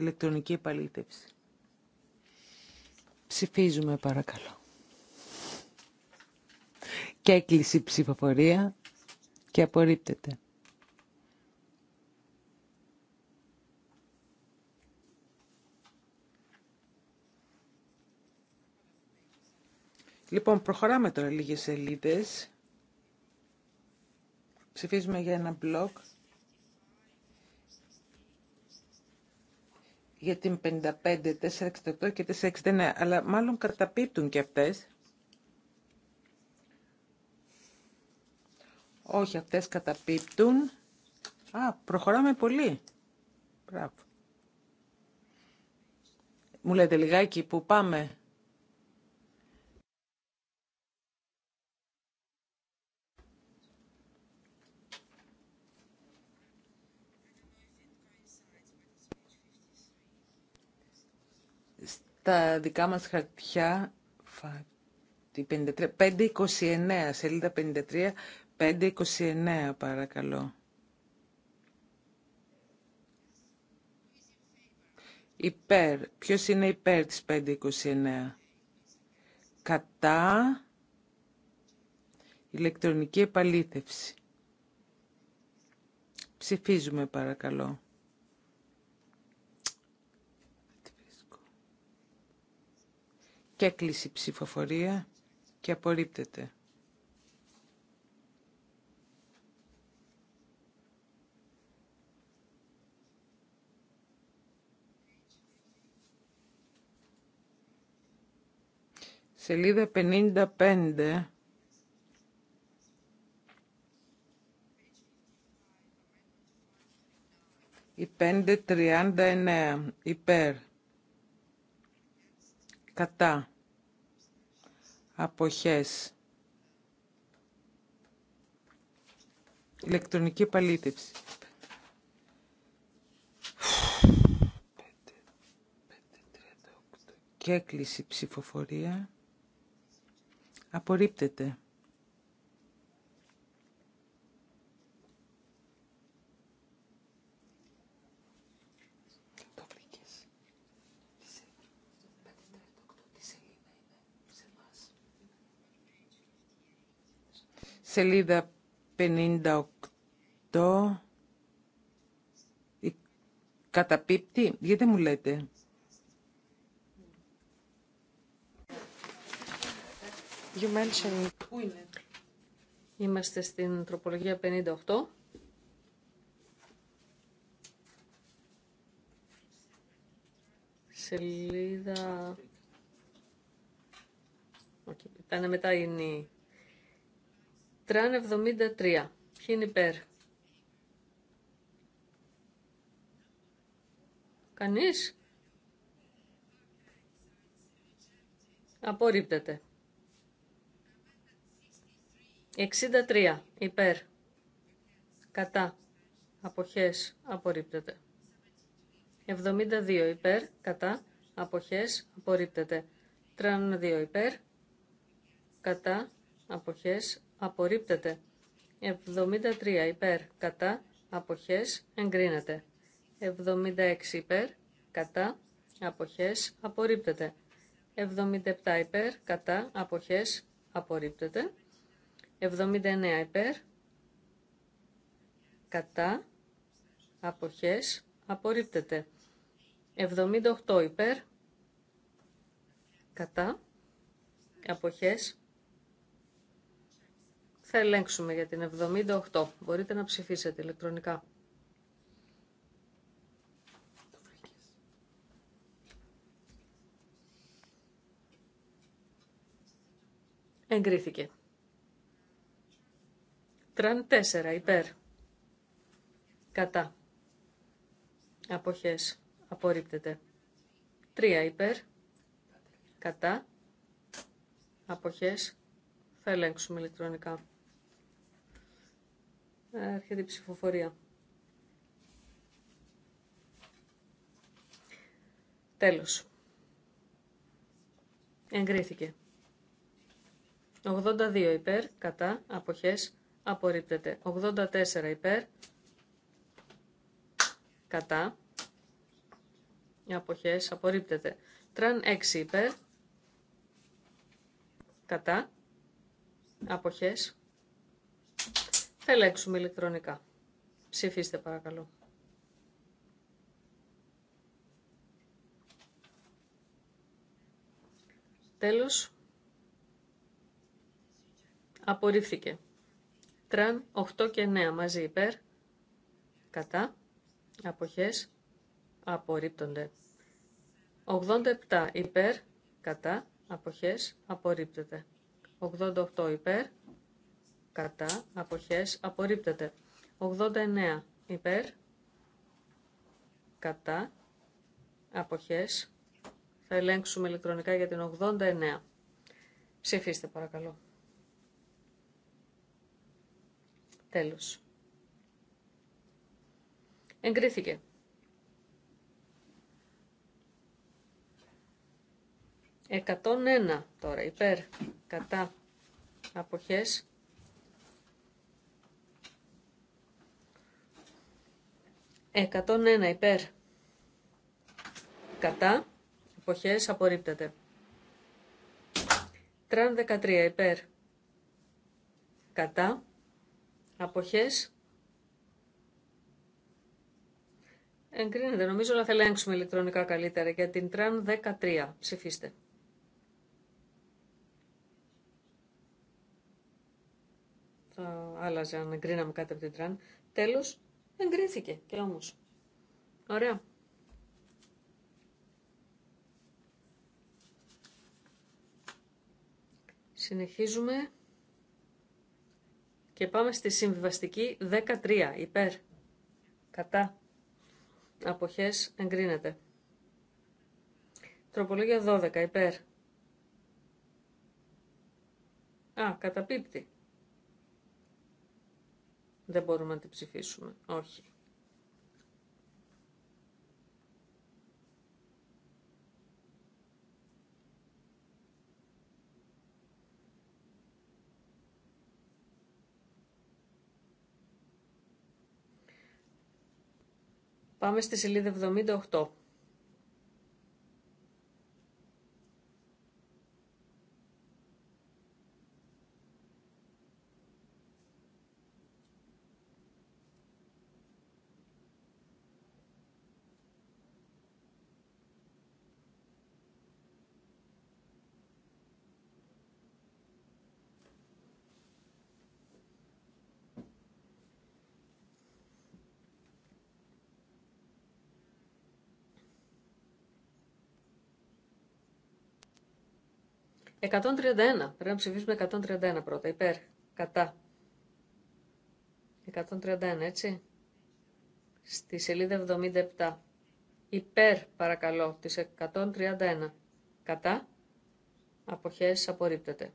ηλεκτρονική επαλήθευση. Ψηφίζουμε παρακαλώ. Και έκλεισε η ψηφοφορία και απορρίπτεται. Λοιπόν, προχωράμε τώρα λίγες σελίδες. Ψηφίζουμε για ένα μπλοκ για την 55, 468 και 469, αλλά μάλλον καταπίπτουν και αυτές. Όχι, αυτές καταπίπτουν. Α, προχωράμε πολύ. Μπράβο. Μου λέτε λιγάκι που πάμε. τα δικά μας χαρτιά 529, σελίδα 53, 529 παρακαλώ. Υπέρ. Ποιος είναι υπέρ της 529. Κατά ηλεκτρονική επαλήθευση. Ψηφίζουμε παρακαλώ. και κλείσει ψηφοφορία και απορρίπτεται. Σελίδα 55 η 539 υπέρ κατά αποχές. Ηλεκτρονική παλίτεψη, Και έκλειση ψηφοφορία. Απορρίπτεται. Σελίδα 58 καταπίπτει. Γιατί μου λέτε. You mentioned... Είμαστε στην τροπολογία 58. Σελίδα... Okay. Ήταν μετά είναι η Τραν 73. Ποιοι υπέρ. Κανείς. Απορρίπτεται. 63. Υπέρ. Κατά. Αποχές. Απορρίπτεται. 72. Υπέρ. Κατά. Αποχές. Απορρίπτεται. Τραν 2. Υπέρ. Κατά. Αποχές απορρίπτεται. 73 υπέρ κατά αποχές εγκρίνεται. 76 υπέρ κατά αποχές απορρίπτεται. 77 υπέρ κατά αποχές απορρίπτεται. 79 υπέρ κατά αποχές απορρίπτεται. 78 υπέρ κατά αποχές θα ελέγξουμε για την 78. Μπορείτε να ψηφίσετε ηλεκτρονικά. Εγκρίθηκε. Τραν 4 υπέρ. Κατά. Αποχές. Απορρίπτεται. 3 υπέρ. Κατά. Αποχές. Θα ελέγξουμε ηλεκτρονικά. Έρχεται η ψηφοφορία. Τέλος. Εγκρίθηκε. 82 υπέρ, κατά, αποχές, απορρίπτεται. 84 υπέρ, κατά, αποχές, απορρίπτεται. Τραν 6 υπέρ, κατά, αποχές, θα ελέγξουμε ηλεκτρονικά. Ψηφίστε παρακαλώ. Τέλος. Απορρίφθηκε. Τραν 8 και 9 μαζί υπέρ. Κατά. Αποχές. Απορρίπτονται. 87 υπέρ. Κατά. Αποχές. Απορρίπτεται. 88 υπέρ κατά, αποχές, απορρίπτεται. 89 υπέρ, κατά, αποχές. Θα ελέγξουμε ηλεκτρονικά για την 89. Ψηφίστε παρακαλώ. Τέλος. Εγκρίθηκε. Εκατόν τώρα, υπέρ, κατά, αποχές, 101 υπέρ κατά εποχές απορρίπτεται. Τραν 13 υπέρ κατά αποχές εγκρίνεται. Νομίζω να θα ελέγξουμε ηλεκτρονικά καλύτερα για την Τραν 13. Ψηφίστε. Θα άλλαζε αν εγκρίναμε κάτι από την Τραν. Τέλος. Εγκρίθηκε και όμως. Ωραία. Συνεχίζουμε και πάμε στη συμβιβαστική 13, υπέρ, κατά, αποχές, εγκρίνεται. Τροπολογία 12, υπέρ. Α, καταπίπτει. Δεν μπορούμε να την ψηφίσουμε. Όχι. Πάμε στη σελίδα 78. 131. Πρέπει να ψηφίσουμε 131 πρώτα. Υπέρ. Κατά. 131, έτσι. Στη σελίδα 77. Υπέρ, παρακαλώ, της 131. Κατά. Αποχές απορρίπτεται.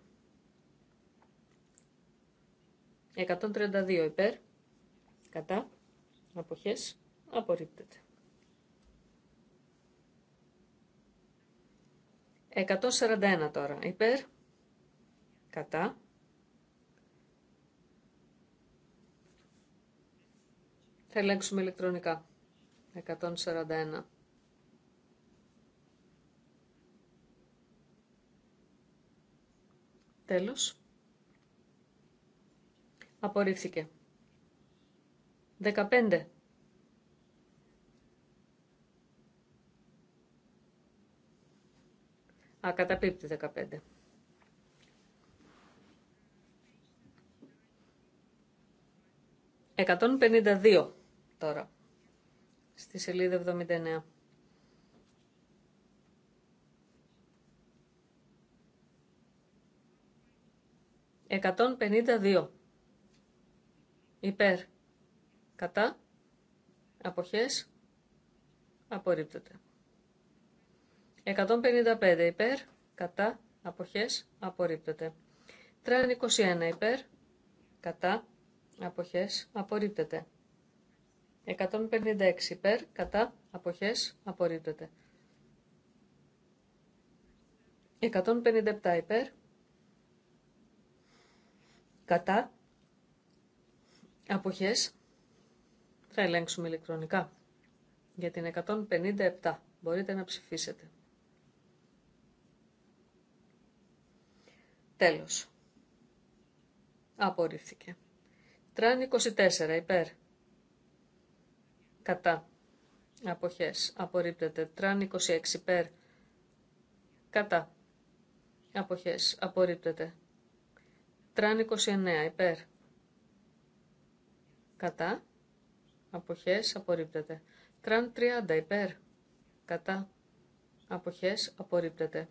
132 υπέρ. Κατά. Αποχές απορρίπτεται. 141 τώρα. Υπέρ. Κατά. Θα ελέγξουμε ηλεκτρονικά. 141. Τέλος. Απορρίφθηκε. 15. Α, καταπίπτει 15. 152 τώρα, στη σελίδα 79. 152 δύο. Υπέρ. Κατά. Αποχές. Απορρίπτεται. 155 υπέρ, κατά, αποχές, απορρίπτεται. 321 21 υπέρ, κατά, αποχές, απορρίπτεται. 156 υπέρ, κατά, αποχές, απορρίπτεται. 157 υπέρ, κατά, αποχές, θα ελέγξουμε ηλεκτρονικά. Για την 157 μπορείτε να ψηφίσετε. Τέλος. Απορρίφθηκε. Τραν 24 υπέρ. Κατά. Αποχές. Απορρίπτεται. Τραν 26 υπέρ. Κατά. Αποχές. Απορρίπτεται. Τραν 29 υπέρ. Κατά. Αποχές. Απορρίπτεται. Τραν 30 υπέρ. Κατά. Αποχές. Απορρίπτεται.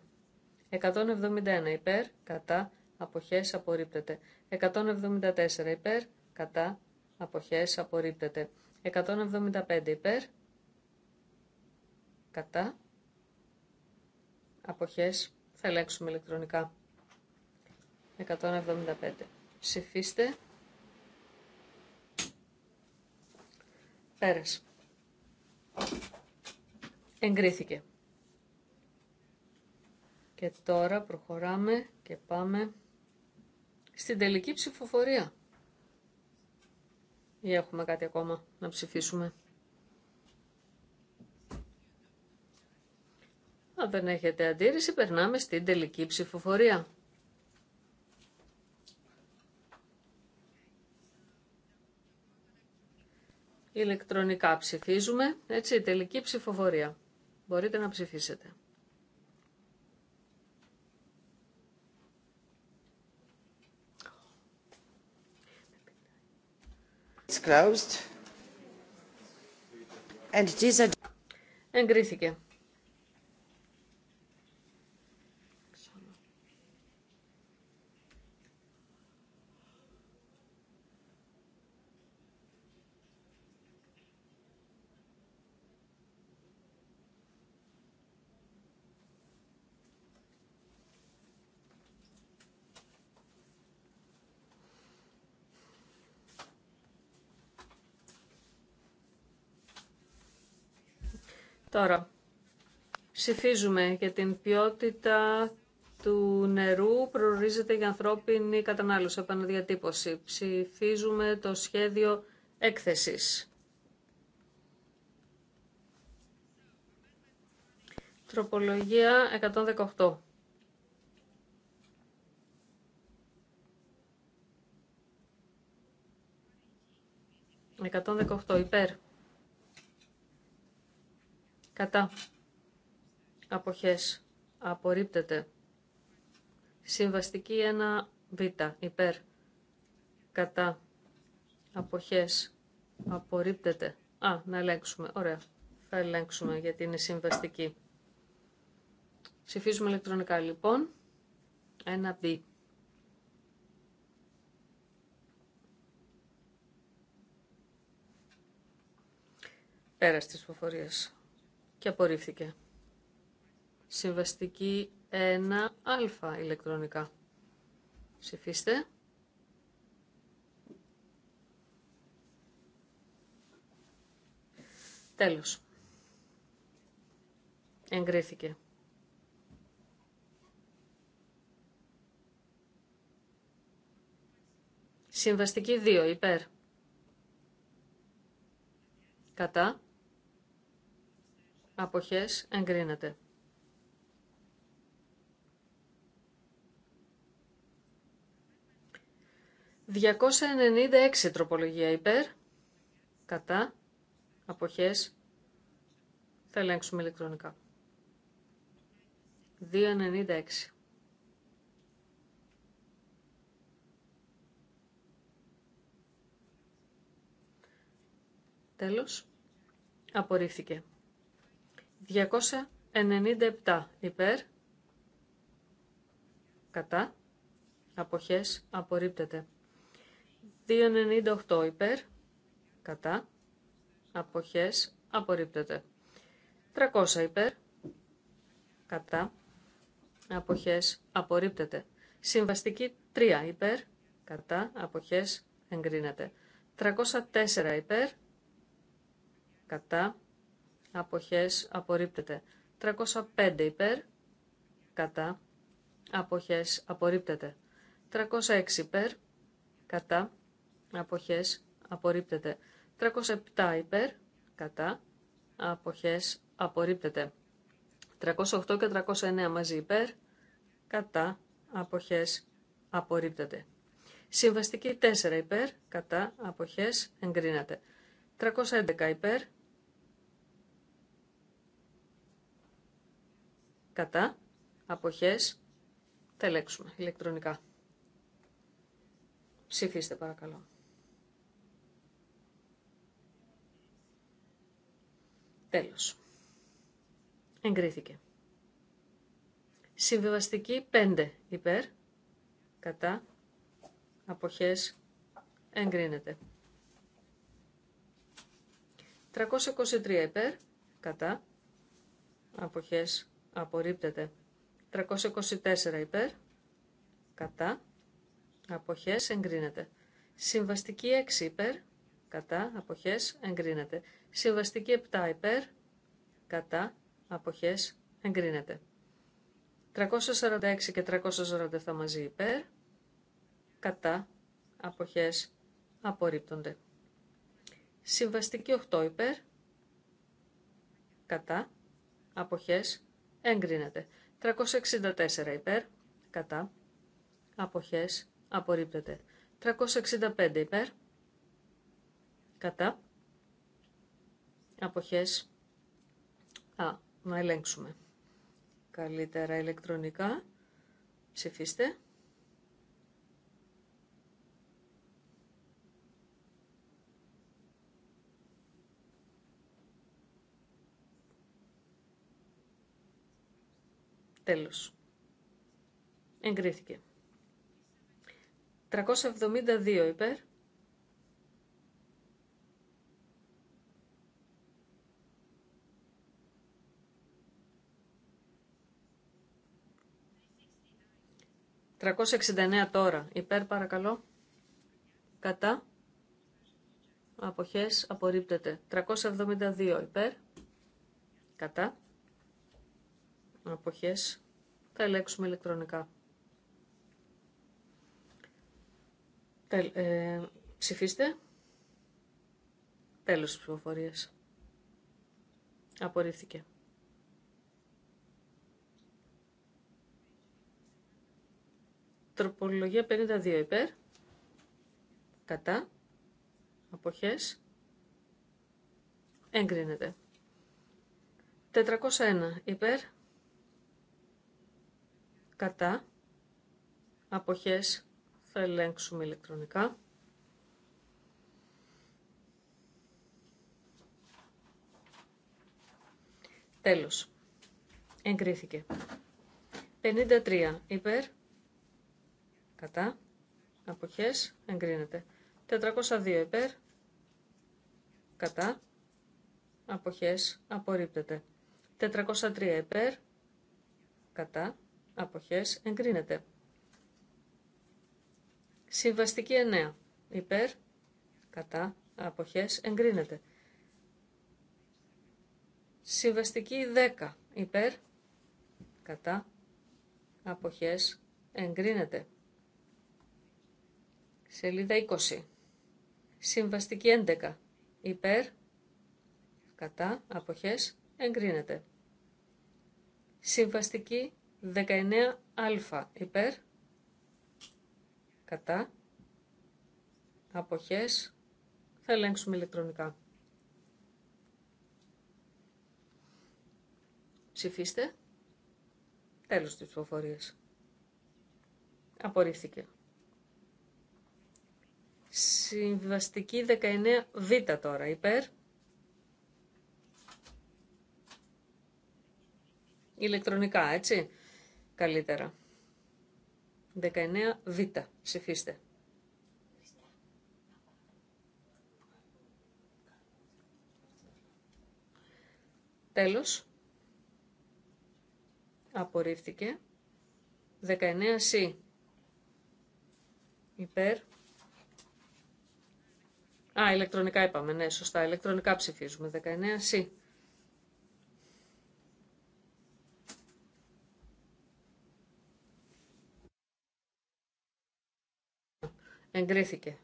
171 υπέρ, κατά, αποχές απορρίπτεται. 174 υπέρ, κατά, αποχές απορρίπτεται. 175 υπέρ, κατά, αποχές, θα ελέγξουμε ηλεκτρονικά. 175. Ψηφίστε. Πέρασε. Εγκρίθηκε. Και τώρα προχωράμε και πάμε στην τελική ψηφοφορία. Ή έχουμε κάτι ακόμα να ψηφίσουμε. Αν δεν έχετε αντίρρηση, περνάμε στην τελική ψηφοφορία. Ηλεκτρονικά ψηφίζουμε, έτσι, τελική ψηφοφορία. Μπορείτε να ψηφίσετε. It's closed. And it is a... Εγκρίθηκε. Τώρα, ψηφίζουμε για την ποιότητα του νερού προορίζεται για ανθρώπινη κατανάλωση, επαναδιατύπωση. Ψηφίζουμε το σχέδιο έκθεσης. Τροπολογία 118. 118, υπέρ κατά αποχές απορρίπτεται. Συμβαστική 1β υπέρ κατά αποχές απορρίπτεται. Α, να ελέγξουμε. Ωραία. Θα ελέγξουμε γιατί είναι συμβαστική. Ψηφίζουμε ηλεκτρονικά λοιπόν. 1Β. Πέρα στις ψηφοφορίες και απορρίφθηκε. Συμβαστική 1α ηλεκτρονικά. Ψηφίστε. Τέλος. Εγκρίθηκε. Συμβαστική 2 υπέρ. Κατά αποχές εγκρίνεται. «296 τροπολογία υπέρ, κατά, αποχές, θα ελέγξουμε ηλεκτρονικά». 296. Τέλος. Απορρίφθηκε. 297 υπέρ, κατά, αποχές, απορρίπτεται. 298 υπέρ, κατά, αποχές, απορρίπτεται. 300 υπέρ, κατά, αποχές, απορρίπτεται. Συμβαστική 3 υπέρ, κατά, αποχές, εγκρίνεται. 304 υπέρ, κατά, αποχές απορρίπτεται. 305 υπέρ, κατά, αποχές απορρίπτεται. 306 υπέρ, κατά, αποχές απορρίπτεται. 307 υπέρ, κατά, αποχές απορρίπτεται. 308 και 309 μαζί υπέρ, κατά, αποχές απορρίπτεται. Συμβαστική 4 υπέρ, κατά, αποχές εγκρίνεται. 311 υπέρ, κατά, αποχές, τελέξουμε ηλεκτρονικά. Ψηφίστε παρακαλώ. Τέλος. Εγκρίθηκε. Συμβιβαστική 5 υπέρ, κατά, αποχές, εγκρίνεται. 323 υπέρ, κατά, αποχές, απορρίπτεται. 324 υπέρ, κατά, αποχές, εγκρίνεται. Συμβαστική 6 υπέρ, κατά, αποχές, εγκρίνεται. Συμβαστική 7 υπέρ, κατά, αποχές, εγκρίνεται. 346 και 347 μαζί υπέρ, κατά, αποχές, απορρίπτονται. Συμβαστική 8 υπέρ, κατά, αποχές, Εγκρίνεται. 364 υπέρ. Κατά. Αποχές. Απορρίπτεται. 365 υπέρ. Κατά. Αποχές. Α, να ελέγξουμε. Καλύτερα ηλεκτρονικά. Ψηφίστε. Τέλος. Εγκρίθηκε. 372 υπέρ. «369 τώρα. Υπέρ παρακαλώ. Κατά. Αποχές απορρίπτεται. 372 υπέρ. Κατά αποχές θα ελέγξουμε ηλεκτρονικά. Ε, ε, ψηφίστε. Τέλος της ψηφοφορίας. Απορρίφθηκε. Τροπολογία 52 υπέρ. Κατά. Αποχές. Εγκρίνεται. 401 υπέρ κατά, αποχές θα ελέγξουμε ηλεκτρονικά. Τέλος. Εγκρίθηκε. 53 υπέρ, κατά, αποχές, εγκρίνεται. 402 υπέρ, κατά, αποχές, απορρίπτεται. 403 υπέρ, κατά, αποχές εγκρίνεται. Συμβαστική 9 υπέρ, κατά, αποχές εγκρίνεται. Συμβαστική 10 υπέρ, κατά, αποχές εγκρίνεται. Σελίδα 20. Συμβαστική 11 υπέρ, κατά, αποχές εγκρίνεται. Συμβαστική 19α υπέρ, κατά, αποχές, θα ελέγξουμε ηλεκτρονικά. Ψηφίστε. Τέλος της ψηφοφορίας. Απορρίφθηκε. Συμβαστική 19β τώρα υπέρ. Ηλεκτρονικά, έτσι καλύτερα. 19 Β. Ψηφίστε. Τέλος. Απορρίφθηκε. 19 Σ. Υπέρ. Α, ηλεκτρονικά είπαμε. Ναι, σωστά. Ηλεκτρονικά ψηφίζουμε. 19 Σ. Εγκρίθηκε.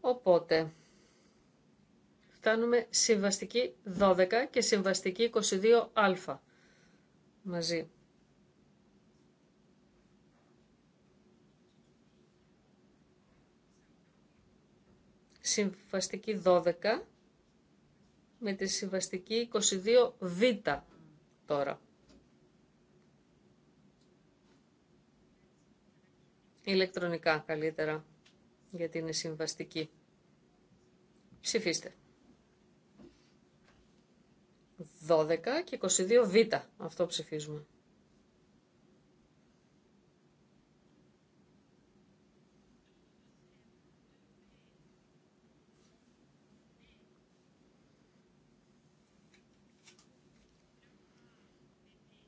Οπότε, φτάνουμε συμβαστική 12 και συμβαστική 22α μαζί. Συμβαστική 12 με τη συμβαστική 22β τώρα. Ηλεκτρονικά καλύτερα, γιατί είναι συμβαστική. Ψηφίστε. 12 και 22 β. Αυτό ψηφίζουμε.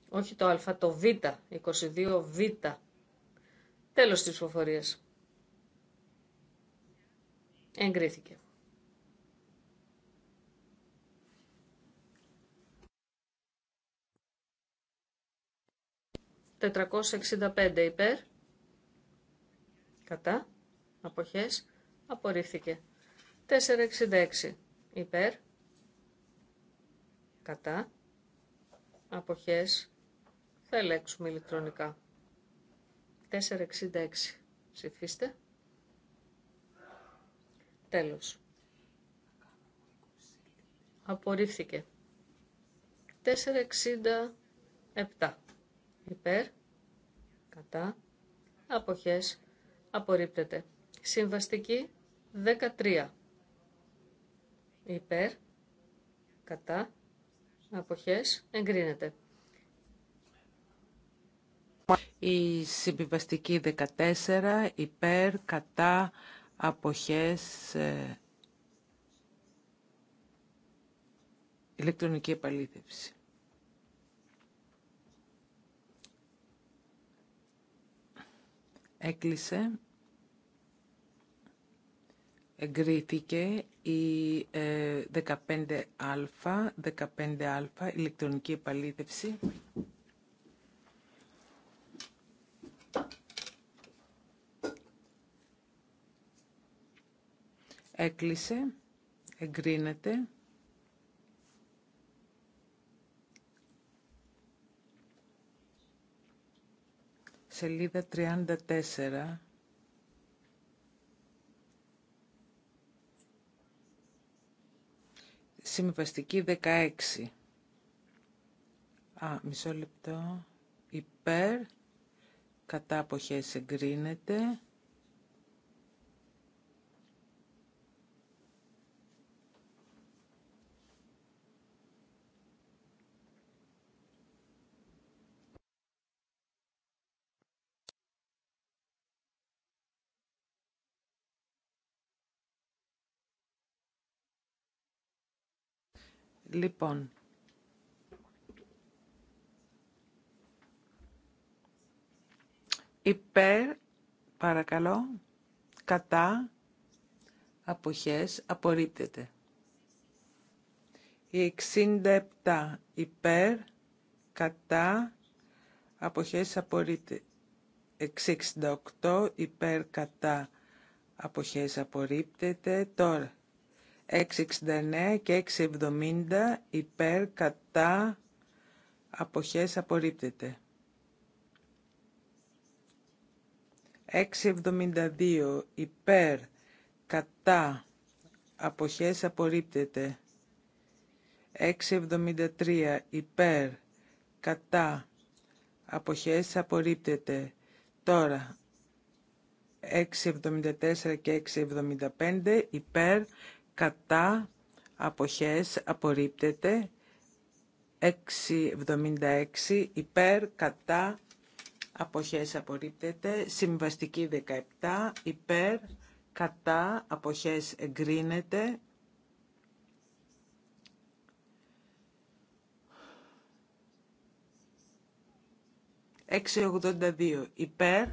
Όχι το α, το β, 22 β Τέλος της ψηφοφορίας. Εγκρίθηκε. «465 υπέρ, κατά, αποχές, απορρίφθηκε. 466 υπέρ, κατά, αποχές, θα ελέγξουμε ηλεκτρονικά. 466. Ψηφίστε. Τέλος. Απορρίφθηκε. 467. Υπέρ. Κατά. Αποχές. Απορρίπτεται. Συμβαστική 13. Υπέρ. Κατά. Αποχές. Εγκρίνεται. Η συμβιβαστική 14 υπέρ κατά αποχές ε, ηλεκτρονική επαλήθευση. Έκλεισε. Εγκρίθηκε η 15α, ε, 15α ηλεκτρονική επαλήθευση. Έκλεισε. Εγκρίνεται. Σελίδα 34. Συμβαστική 16. Α, μισό λεπτό. Υπέρ. Κατά αποχές εγκρίνεται. Λοιπόν, υπέρ, παρακαλώ, κατά, αποχές, απορρίπτεται. Η 67 υπέρ, κατά, αποχές, απορρίπτεται. 68 υπέρ, κατά, αποχές, απορρίπτεται. Τώρα, 669 και 670 υπέρ κατά αποχές απορρίπτεται. 672 υπέρ κατά αποχές απορρίπτεται. 673 υπέρ κατά αποχές απορρίπτεται. Τώρα 674 και 675 υπέρ κατά αποχές απορρίπτεται 676 υπέρ κατά αποχές απορρίπτεται συμβαστική 17 υπέρ κατά αποχές εγκρίνεται 682 υπέρ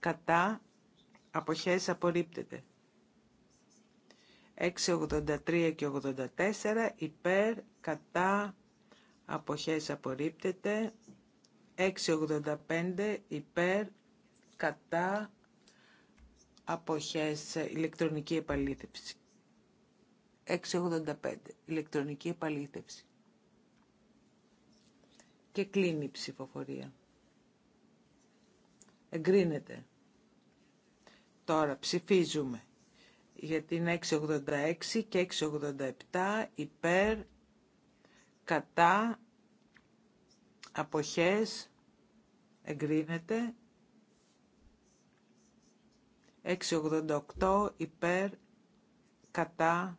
κατά αποχές απορρίπτεται. 683 και 84 υπέρ κατά αποχές απορρίπτεται 685 υπέρ κατά αποχές ηλεκτρονική επαλήθευση 685 ηλεκτρονική επαλήθευση και κλείνει η ψηφοφορία εγκρίνεται τώρα ψηφίζουμε γιατί την 686 και 687 υπέρ κατά αποχές εγκρίνεται 688 υπέρ κατά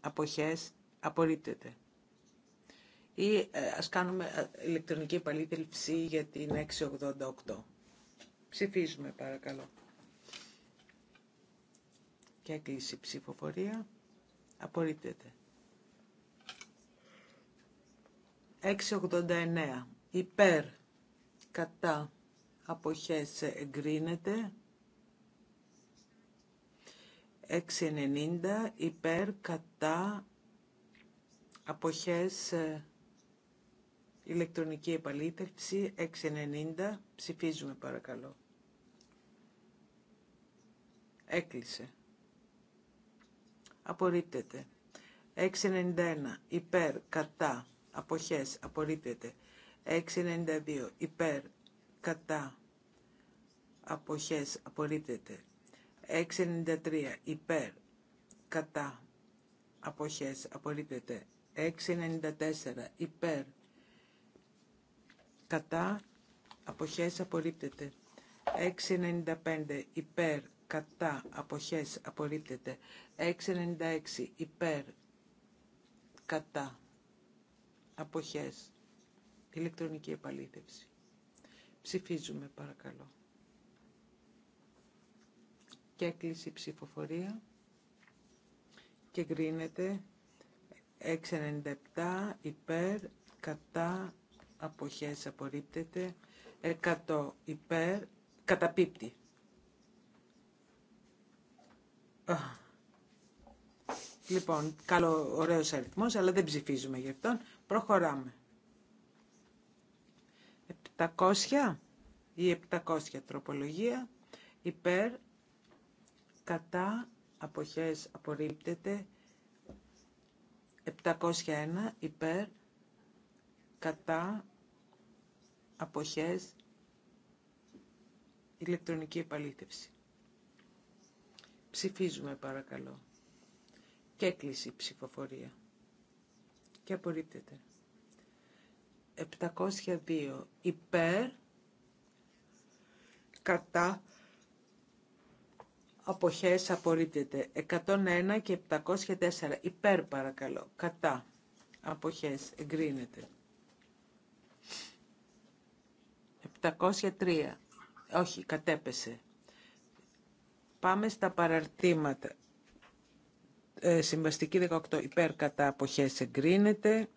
αποχές απορρίπτεται. Ή ε, ας κάνουμε ε, ηλεκτρονική επαλήθευση για την 688. Ψηφίζουμε παρακαλώ και η ψηφοφορία. Απορρίπτεται. 689. Υπέρ. Κατά. Αποχές εγκρίνεται. 690. Υπέρ. Κατά. Αποχές ε, ηλεκτρονική επαλήθευση 690. Ψηφίζουμε παρακαλώ. Έκλεισε απορρίπτεται. 691 υπέρ κατά αποχές απορρίπτεται. 692 υπέρ κατά αποχές απορρίπτεται. 693 υπέρ κατά αποχές απορρίπτεται. 694 υπέρ κατά αποχές απορρίπτεται. 695 υπέρ κατά αποχές απορρίπτεται 696 υπέρ κατά αποχές ηλεκτρονική επαλήθευση ψηφίζουμε παρακαλώ και έκλεισε η ψηφοφορία και γκρίνεται 697 υπέρ κατά αποχές απορρίπτεται 100 υπέρ καταπίπτει Λοιπόν, καλό, ωραίος αριθμός, αλλά δεν ψηφίζουμε γι' αυτόν. Προχωράμε. 700 ή 700 τροπολογία υπέρ κατά αποχές απορρίπτεται 701 υπέρ κατά αποχές ηλεκτρονική επαλήθευση. Ψηφίζουμε παρακαλώ. Και έκλεισε η ψηφοφορία. Και απορρίπτεται. 702 υπέρ κατά αποχές απορρίπτεται 101 και 704 υπέρ παρακαλώ κατά αποχές εγκρίνεται 703 όχι κατέπεσε Πάμε στα παραρτήματα. Ε, συμβαστική 18 υπέρ κατά αποχές εγκρίνεται.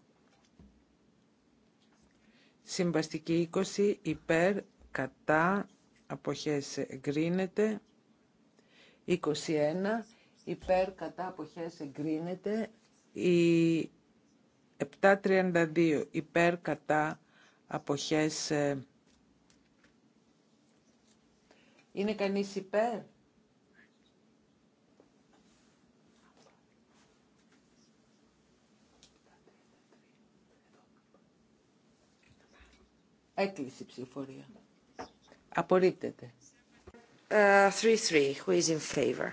Συμβαστική 20 υπέρ κατά αποχές εγκρίνεται. 21 υπέρ κατά αποχές εγκρίνεται. Η 732 υπέρ κατά αποχές ε, είναι κανείς υπέρ Έκλεισε η ψηφορία. απορριπτεται Απορρίπτεται. 3-3. Ε, who is in favor?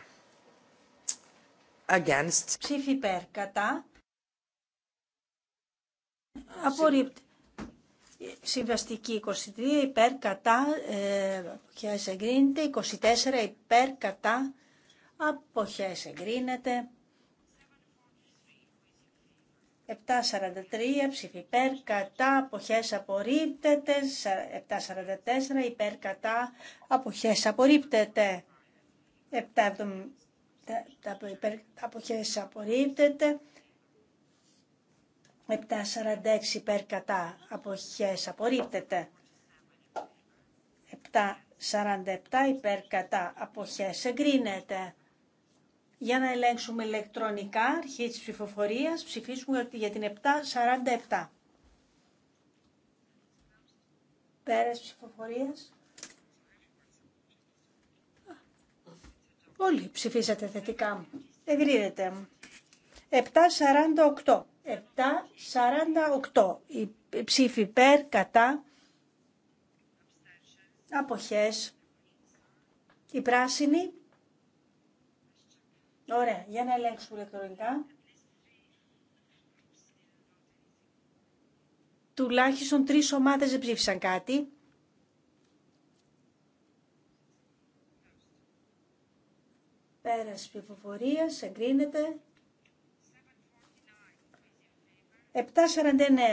Against. Ψήφι υπέρ. Κατά. Απορρίπτεται. Συμβαστική 23 υπέρ κατά ε, εγκρίνεται, 24 υπέρ κατά αποχές εγκρίνεται, 743 ψήφι υπέρ κατά αποχές απορρίπτεται. 744 υπέρ κατά αποχές απορρίπτεται. απορρίπτει. αποχές απορρίπτεται. 746 υπέρ κατά αποχές απορρίπτεται. 747 υπέρ κατά αποχές εγκρίνεται. Για να ελέγξουμε ηλεκτρονικά, αρχή της ψηφοφορίας, ψηφίσουμε για την 747. Πέρας ψηφοφορίας. Όλοι ψηφίσατε θετικά. Εγκρίνεται. 748. 748. Η ψήφη υπέρ, κατά, αποχές. Η πράσινη Ωραία, για να ελέγξουμε ηλεκτρονικά. Τουλάχιστον τρεις ομάδες δεν ψήφισαν κάτι. Πέρας ψηφοφορία, εγκρίνεται. 749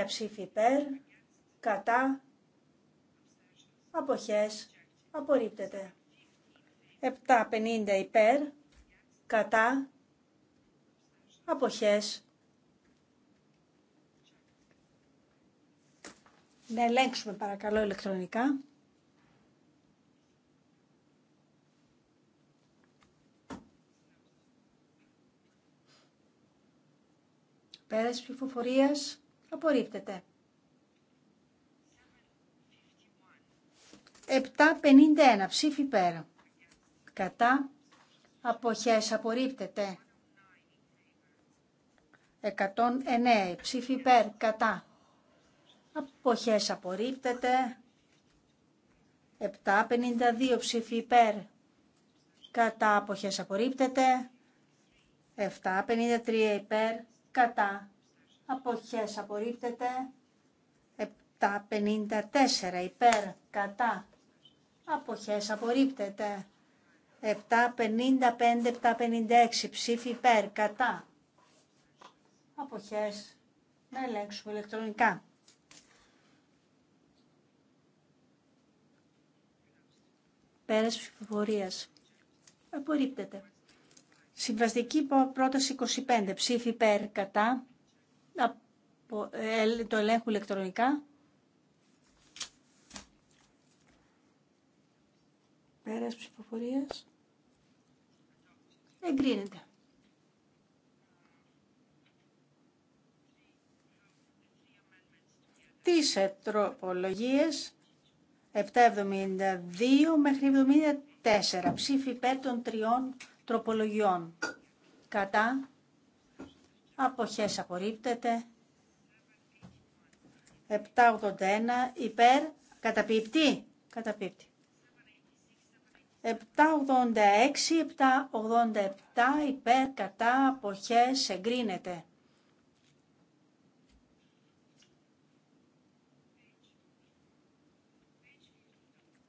ψήφι υπέρ, κατά, αποχές, απορρίπτεται. 750 υπέρ, κατά, αποχές. Να ελέγξουμε παρακαλώ ηλεκτρονικά. Πέρας ψηφοφορίας απορρίπτεται. 751 ψήφι πέρα. Κατά αποχές απορρίπτεται. 109 ψήφι υπέρ κατά αποχές απορρίπτεται. 752 ψήφι υπέρ κατά αποχές απορρίπτεται. 753 υπέρ κατά αποχές απορρίπτεται. 754 υπέρ κατά αποχές απορρίπτεται. 755-756 ψήφι υπέρ, κατά. Αποχές. Να ελέγξουμε ηλεκτρονικά. Πέρας ψηφοφορίας. Απορρίπτεται. Συμβαστική πρόταση 25. Ψήφι υπέρ, κατά. Ε, το ελέγχω ηλεκτρονικά. Πέρας ψηφοφορίας. Εγκρίνεται. Τις τροπολογίες 772 μέχρι 74 ψήφι υπέρ των τριών τροπολογιών. Κατά αποχές απορρίπτεται 781 υπέρ καταπίπτει. Καταπίπτει. 786, 787 υπέρ κατά αποχές εγκρίνεται.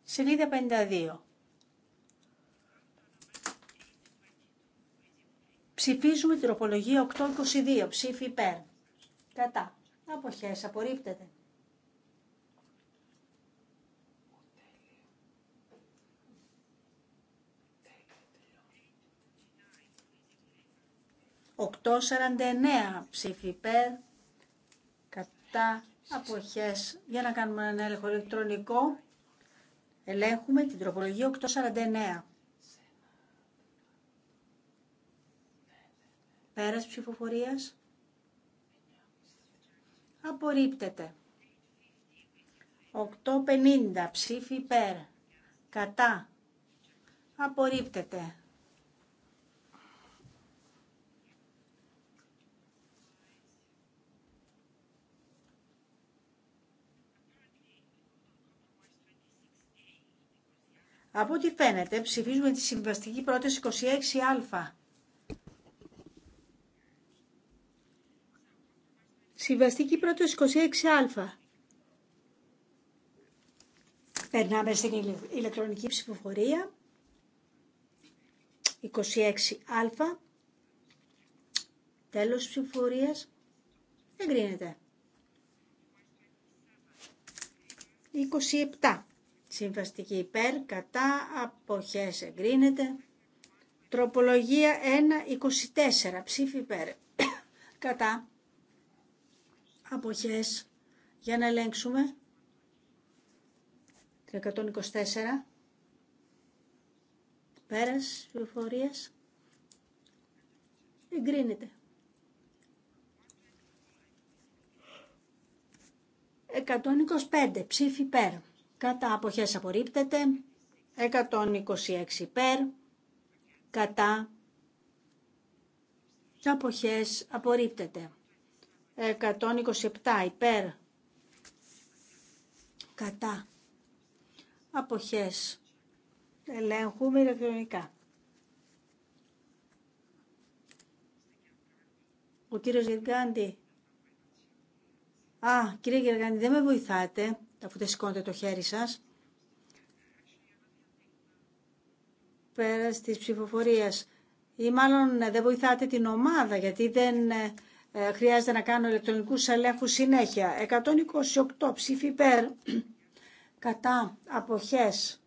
Σελίδα 52. Ψηφίζουμε την τροπολογία 822. Ψήφι υπέρ. Κατά. Αποχές. Απορρίπτεται. 849 ψήφι υπέρ, κατά, αποχές. Για να κάνουμε ένα έλεγχο ηλεκτρονικό, ελέγχουμε την τροπολογία 849. Πέρας ψηφοφορίας. Απορρίπτεται. 850 ψήφι υπέρ. Κατά. Απορρίπτεται. Από ό,τι φαίνεται ψηφίζουμε τη συμβαστική πρόταση 26α. Συμβαστική πρόταση 26α. Περνάμε στην ηλεκτρονική ψηφοφορία. 26α. Τέλος ψηφοφορίας. Εγκρίνεται. 27. Συμβαστική υπέρ, κατά, αποχές εγκρίνεται. Τροπολογία 1.24, ψήφι υπέρ, κατά, αποχές. Για να ελέγξουμε. 124. Πέρας πληροφορίας. Εγκρίνεται. 125 ψήφι πέρα κατά αποχές απορρίπτεται, 126 υπέρ, κατά αποχές απορρίπτεται, 127 υπέρ, κατά αποχές ελέγχουμε ηλεκτρονικά. Ο κύριος Γεργάντη. Α, κύριε Γεργάντη, δεν με βοηθάτε αφού δεν σηκώνετε το χέρι σας. Πέρα της ψηφοφορίας. Ή μάλλον ε, δεν βοηθάτε την ομάδα, γιατί δεν ε, ε, χρειάζεται να κάνω ηλεκτρονικούς ελέγχου συνέχεια. 128 ψήφι υπέρ, κατά, αποχές.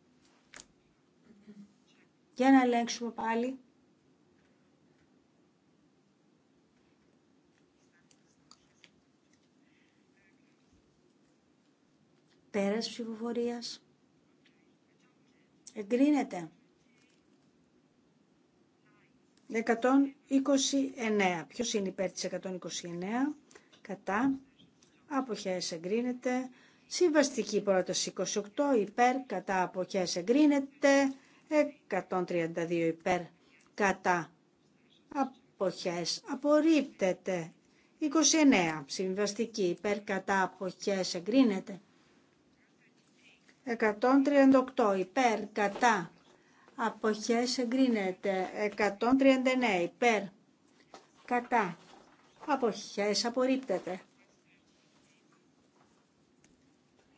Για να ελέγξουμε πάλι. Πέρας ψηφοφορίας. Εγκρίνεται. 129. Ποιος είναι υπέρ της 129. Κατά. Αποχές εγκρίνεται. Συμβαστική πρόταση 28. Υπέρ. Κατά. Αποχές εγκρίνεται. 132 υπέρ. Κατά. Αποχές απορρίπτεται. 29. Συμβαστική υπέρ. Κατά. Αποχές εγκρίνεται. 138 υπέρ κατά αποχές εγκρίνεται 139 υπέρ κατά αποχές απορρίπτεται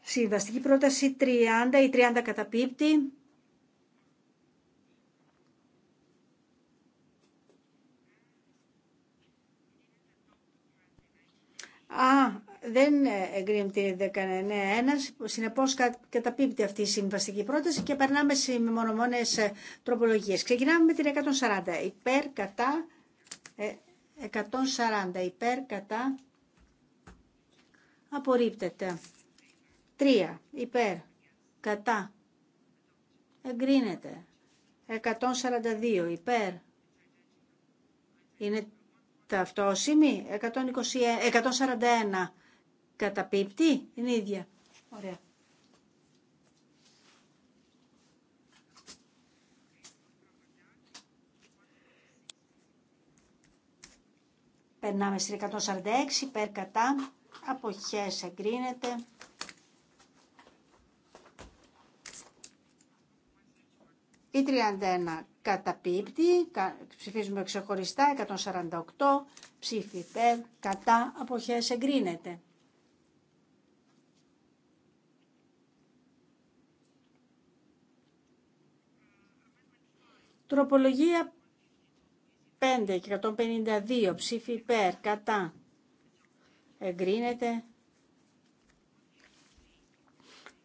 Συμβαστική πρόταση 30 ή 30 καταπίπτει Α, δεν εγκρίνεται η 19.1, Συνεπώ καταπίπτει αυτή η συμβαστική πρόταση και περνάμε σε μονομόνες ε, τροπολογίες. Ξεκινάμε με την 140, υπέρ, κατά, 140, ε, υπέρ, κατά, απορρίπτεται. 3, υπέρ, κατά, εγκρίνεται. 142, υπέρ, είναι ταυτόσιμη. 141, Καταπίπτει. Είναι ίδια. Ωραία. Περνάμε στις 146, υπέρ κατά, αποχές εγκρίνεται. Η 31 καταπίπτει, ψηφίζουμε ξεχωριστά, 148 ψήφι υπέρ, κατά, αποχές εγκρίνεται. Τροπολογία 5 και 152 ψήφι υπέρ, κατά. Εγκρίνεται.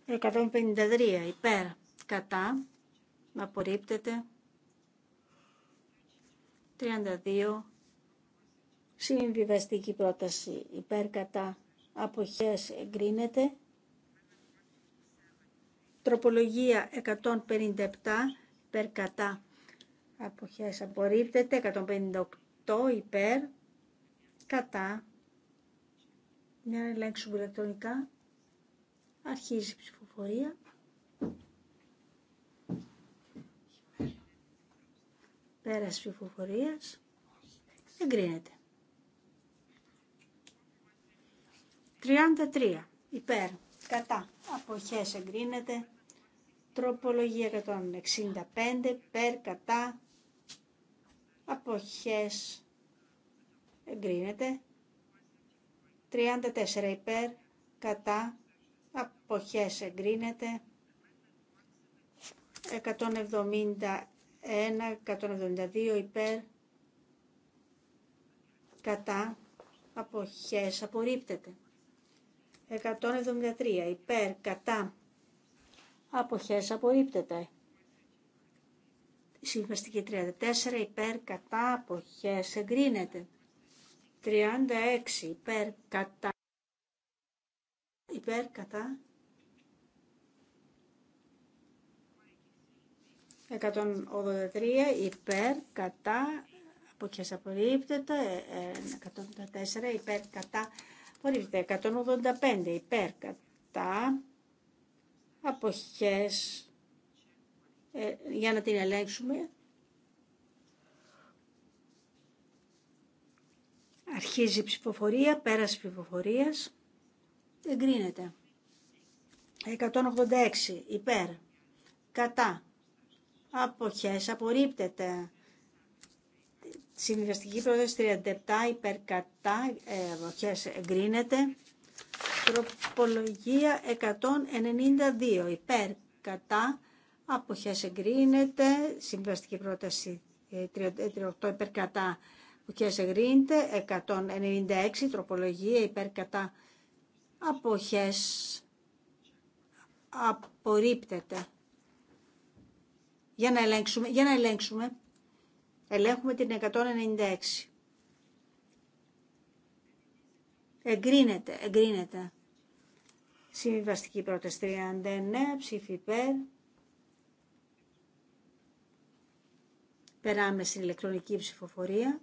153 υπέρ, κατά. Απορρίπτεται. 32 συμβιβαστική πρόταση υπέρ κατά αποχές εγκρίνεται. Τροπολογία 157 υπέρ κατά αποχές απορρίπτεται 158 υπέρ κατά μια ελέγξη ελέγξουμε ηλεκτρονικά αρχίζει η ψηφοφορία πέρας ψηφοφορίας εγκρίνεται 33 υπέρ κατά αποχές εγκρίνεται τροπολογία 165 υπέρ κατά αποχές εγκρίνεται 34 υπέρ κατά αποχές εγκρίνεται 171 172 υπέρ κατά αποχές απορρίπτεται 173 υπέρ κατά αποχές απορρίπτεται η συμβαστική 34 υπέρ κατά αποχές εγκρίνεται. 36 υπέρ κατά υπέρ κατά 183 υπέρ κατά αποχές απορρίπτεται 184 υπέρ κατά απορρίπτεται 185 υπέρ κατά αποχές ε, για να την ελέγξουμε. Αρχίζει η ψηφοφορία, πέραση ψηφοφορίας, εγκρίνεται. 186 υπέρ, κατά, αποχές, απορρίπτεται. Συμβιβαστική πρόταση 37 υπέρ κατά, ε, αποχές, εγκρίνεται. Τροπολογία 192 υπέρ κατά, αποχές εγκρίνεται, συμβαστική πρόταση 38 υπέρ κατά αποχές εγκρίνεται, 196 τροπολογία υπέρ κατά αποχές απορρίπτεται. Για να ελέγξουμε, για να ελέγξουμε. Ελέγχουμε την 196. Εγκρίνεται, εγκρίνεται. Συμβαστική πρόταση 39, ψήφι υπέρ. Περάμε στην ηλεκτρονική ψηφοφορία.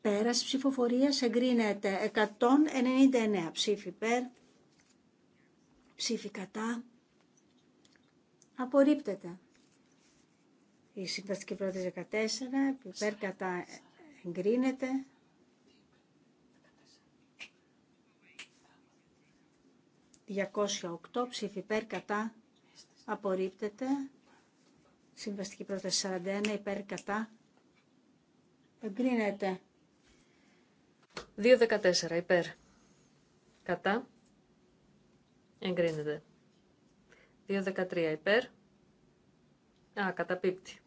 Πέρας ψηφοφορίας εγκρίνεται 199 ψήφι ΠΕΡ, ψήφι κατά, απορρίπτεται. Η Συμβαστική Πρόταση 14, υπέρ κατά εγκρίνεται. 208 ψήφι υπέρ κατά απορρίπτεται. Συμβαστική πρόταση 41 υπέρ κατά εγκρίνεται. 2.14 υπέρ κατά εγκρίνεται. 2.13 υπέρ α καταπίπτει.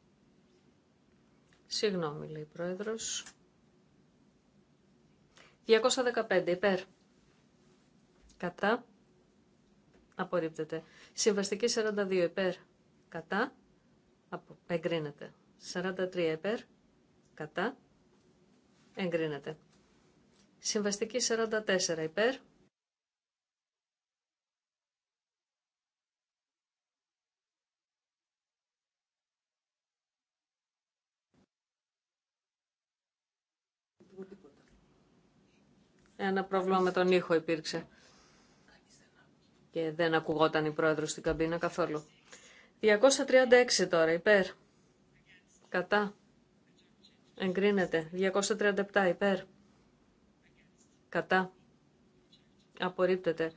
Συγγνώμη λέει πρόεδρος. 215 υπέρ κατά απορρίπτεται. Συμβαστική 42 υπέρ κατά εγκρίνεται. 43 υπέρ κατά εγκρίνεται. Συμβαστική 44 υπέρ Ένα πρόβλημα με τον ήχο υπήρξε και δεν ακουγόταν η πρόεδρος στην καμπίνα καθόλου. 236 τώρα, υπέρ. Κατά. Εγκρίνεται. 237 υπέρ. Κατά. Απορρίπτεται.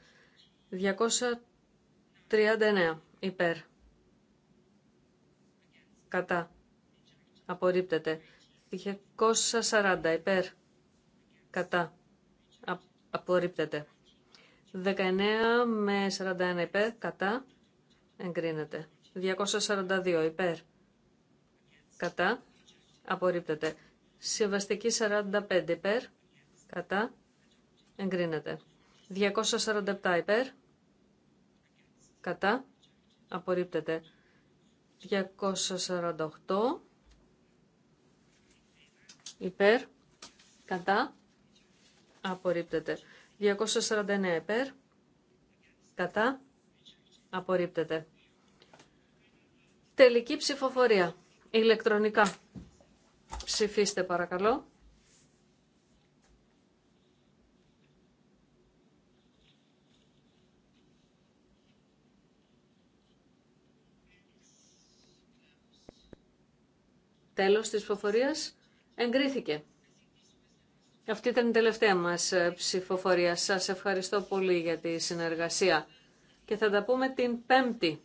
239 υπέρ. Κατά. Απορρίπτεται. 240 υπέρ. Κατά. απορρίπτεται. 19 με 41 υπέρ, κατά, εγκρίνεται. 242 υπέρ, κατά, απορρίπτεται. Συμβαστική 45 υπέρ, κατά, εγκρίνεται. 247 υπέρ, κατά, απορρίπτεται. 248 υπέρ, κατά, απορρίπτεται. 249 επέρ. κατά, απορρίπτεται. Τελική ψηφοφορία, ηλεκτρονικά. Ψηφίστε παρακαλώ. Τέλος της ψηφοφορίας εγκρίθηκε. Αυτή ήταν η τελευταία μας ε, ψηφοφορία. Σας ευχαριστώ πολύ για τη συνεργασία και θα τα πούμε την Πέμπτη.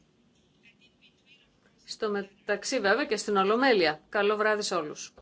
Στο μεταξύ βέβαια και στην Ολομέλεια. Καλό βράδυ σε όλους.